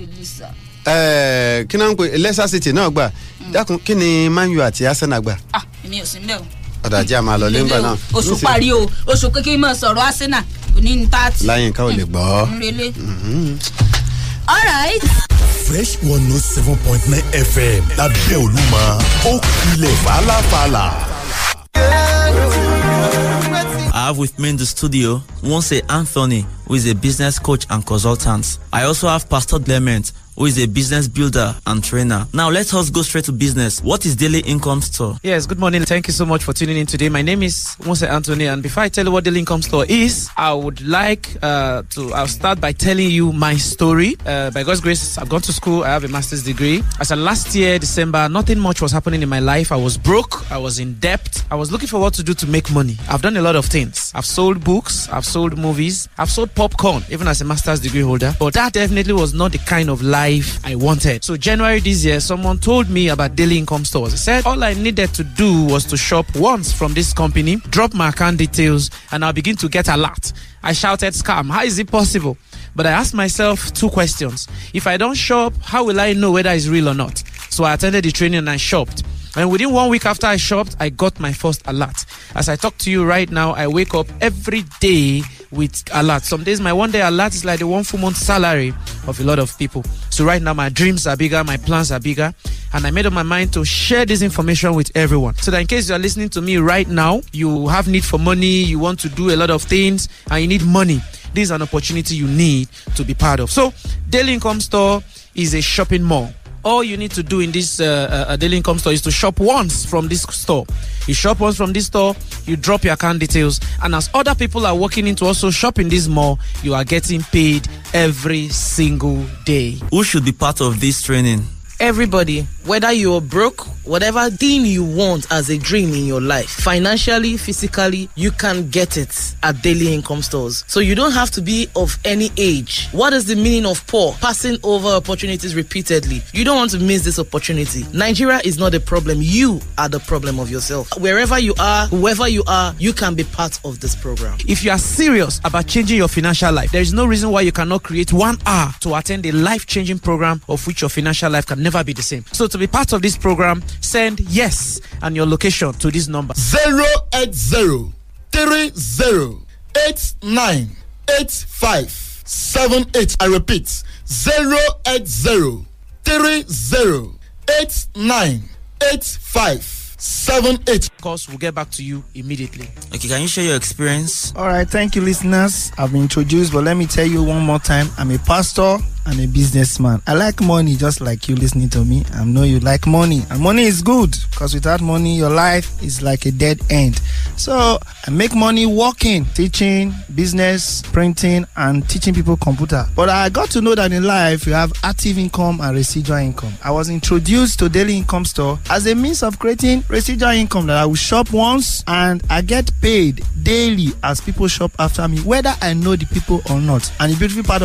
kí náà ń pè Leicester City náà gbà hmm. dákun kí ni Man U àti Arsenal gbà. ah èmi ò sí mbẹ́ o ọ̀dà jẹ́ àmà lọ lẹ́ńgbà náà. oṣù parí o oṣù kékeré mọ̀ sọ̀rọ̀ arsenal ní ní tààtì. láyìn ká ò lè gbọ́. fresh one note seven point nine fm lábẹ́ olúmọ ó kilẹ̀ fàlàfàlà. Yeah, have with me in the studio Monsieur Anthony, who is a business coach and consultant. I also have Pastor Clement, who is a business builder and trainer. Now let us go straight to business. What is Daily Income Store? Yes, good morning. Thank you so much for tuning in today. My name is Monsieur Anthony, and before I tell you what Daily Income Store is, I would like uh, to. I'll start by telling you my story. Uh, by God's grace, I've gone to school. I have a master's degree. As of last year, December, nothing much was happening in my life. I was broke. I was in debt. I was looking for what to do to make money. I've done a lot of things. I've sold books. I've sold movies. I've sold popcorn, even as a master's degree holder. But that definitely was not the kind of life I wanted. So January this year, someone told me about daily income stores. I said all I needed to do was to shop once from this company, drop my account details, and I'll begin to get a lot. I shouted, scam. How is it possible? But I asked myself two questions. If I don't shop, how will I know whether it's real or not? So I attended the training and I shopped. And within one week after I shopped, I got my first alert. As I talk to you right now, I wake up every day with alerts. Some days my one day alert is like the one full month salary of a lot of people. So right now my dreams are bigger, my plans are bigger, and I made up my mind to share this information with everyone. So that in case you are listening to me right now, you have need for money, you want to do a lot of things, and you need money. This is an opportunity you need to be part of. So Daily Income Store is a shopping mall all you need to do in this uh, uh, uh, daily income store is to shop once from this store. You shop once from this store, you drop your account details, and as other people are walking into also shopping this mall, you are getting paid every single day. Who should be part of this training? Everybody, whether you're broke, whatever thing you want as a dream in your life, financially, physically, you can get it at daily income stores. So you don't have to be of any age. What is the meaning of poor? Passing over opportunities repeatedly. You don't want to miss this opportunity. Nigeria is not the problem. You are the problem of yourself. Wherever you are, whoever you are, you can be part of this program. If you are serious about changing your financial life, there is no reason why you cannot create one hour to attend a life changing program of which your financial life can never be the same. So to be part of this program, send yes and your location to this number 080 30 78. I repeat 080 seven eight. Of course, we'll get back to you immediately. Okay, can you share your experience? All right, thank you, listeners. I've been introduced, but let me tell you one more time. I'm a pastor I'm a businessman. I like money just like you listening to me. I know you like money. And money is good because without money, your life is like a dead end. So I make money working, teaching, business, printing, and teaching people computer. But I got to know that in life, you have active income and residual income. I was introduced to Daily Income Store as a means of creating residual income that I will shop once and I get paid daily as people shop after me, whether I know the people or not. And the beautiful part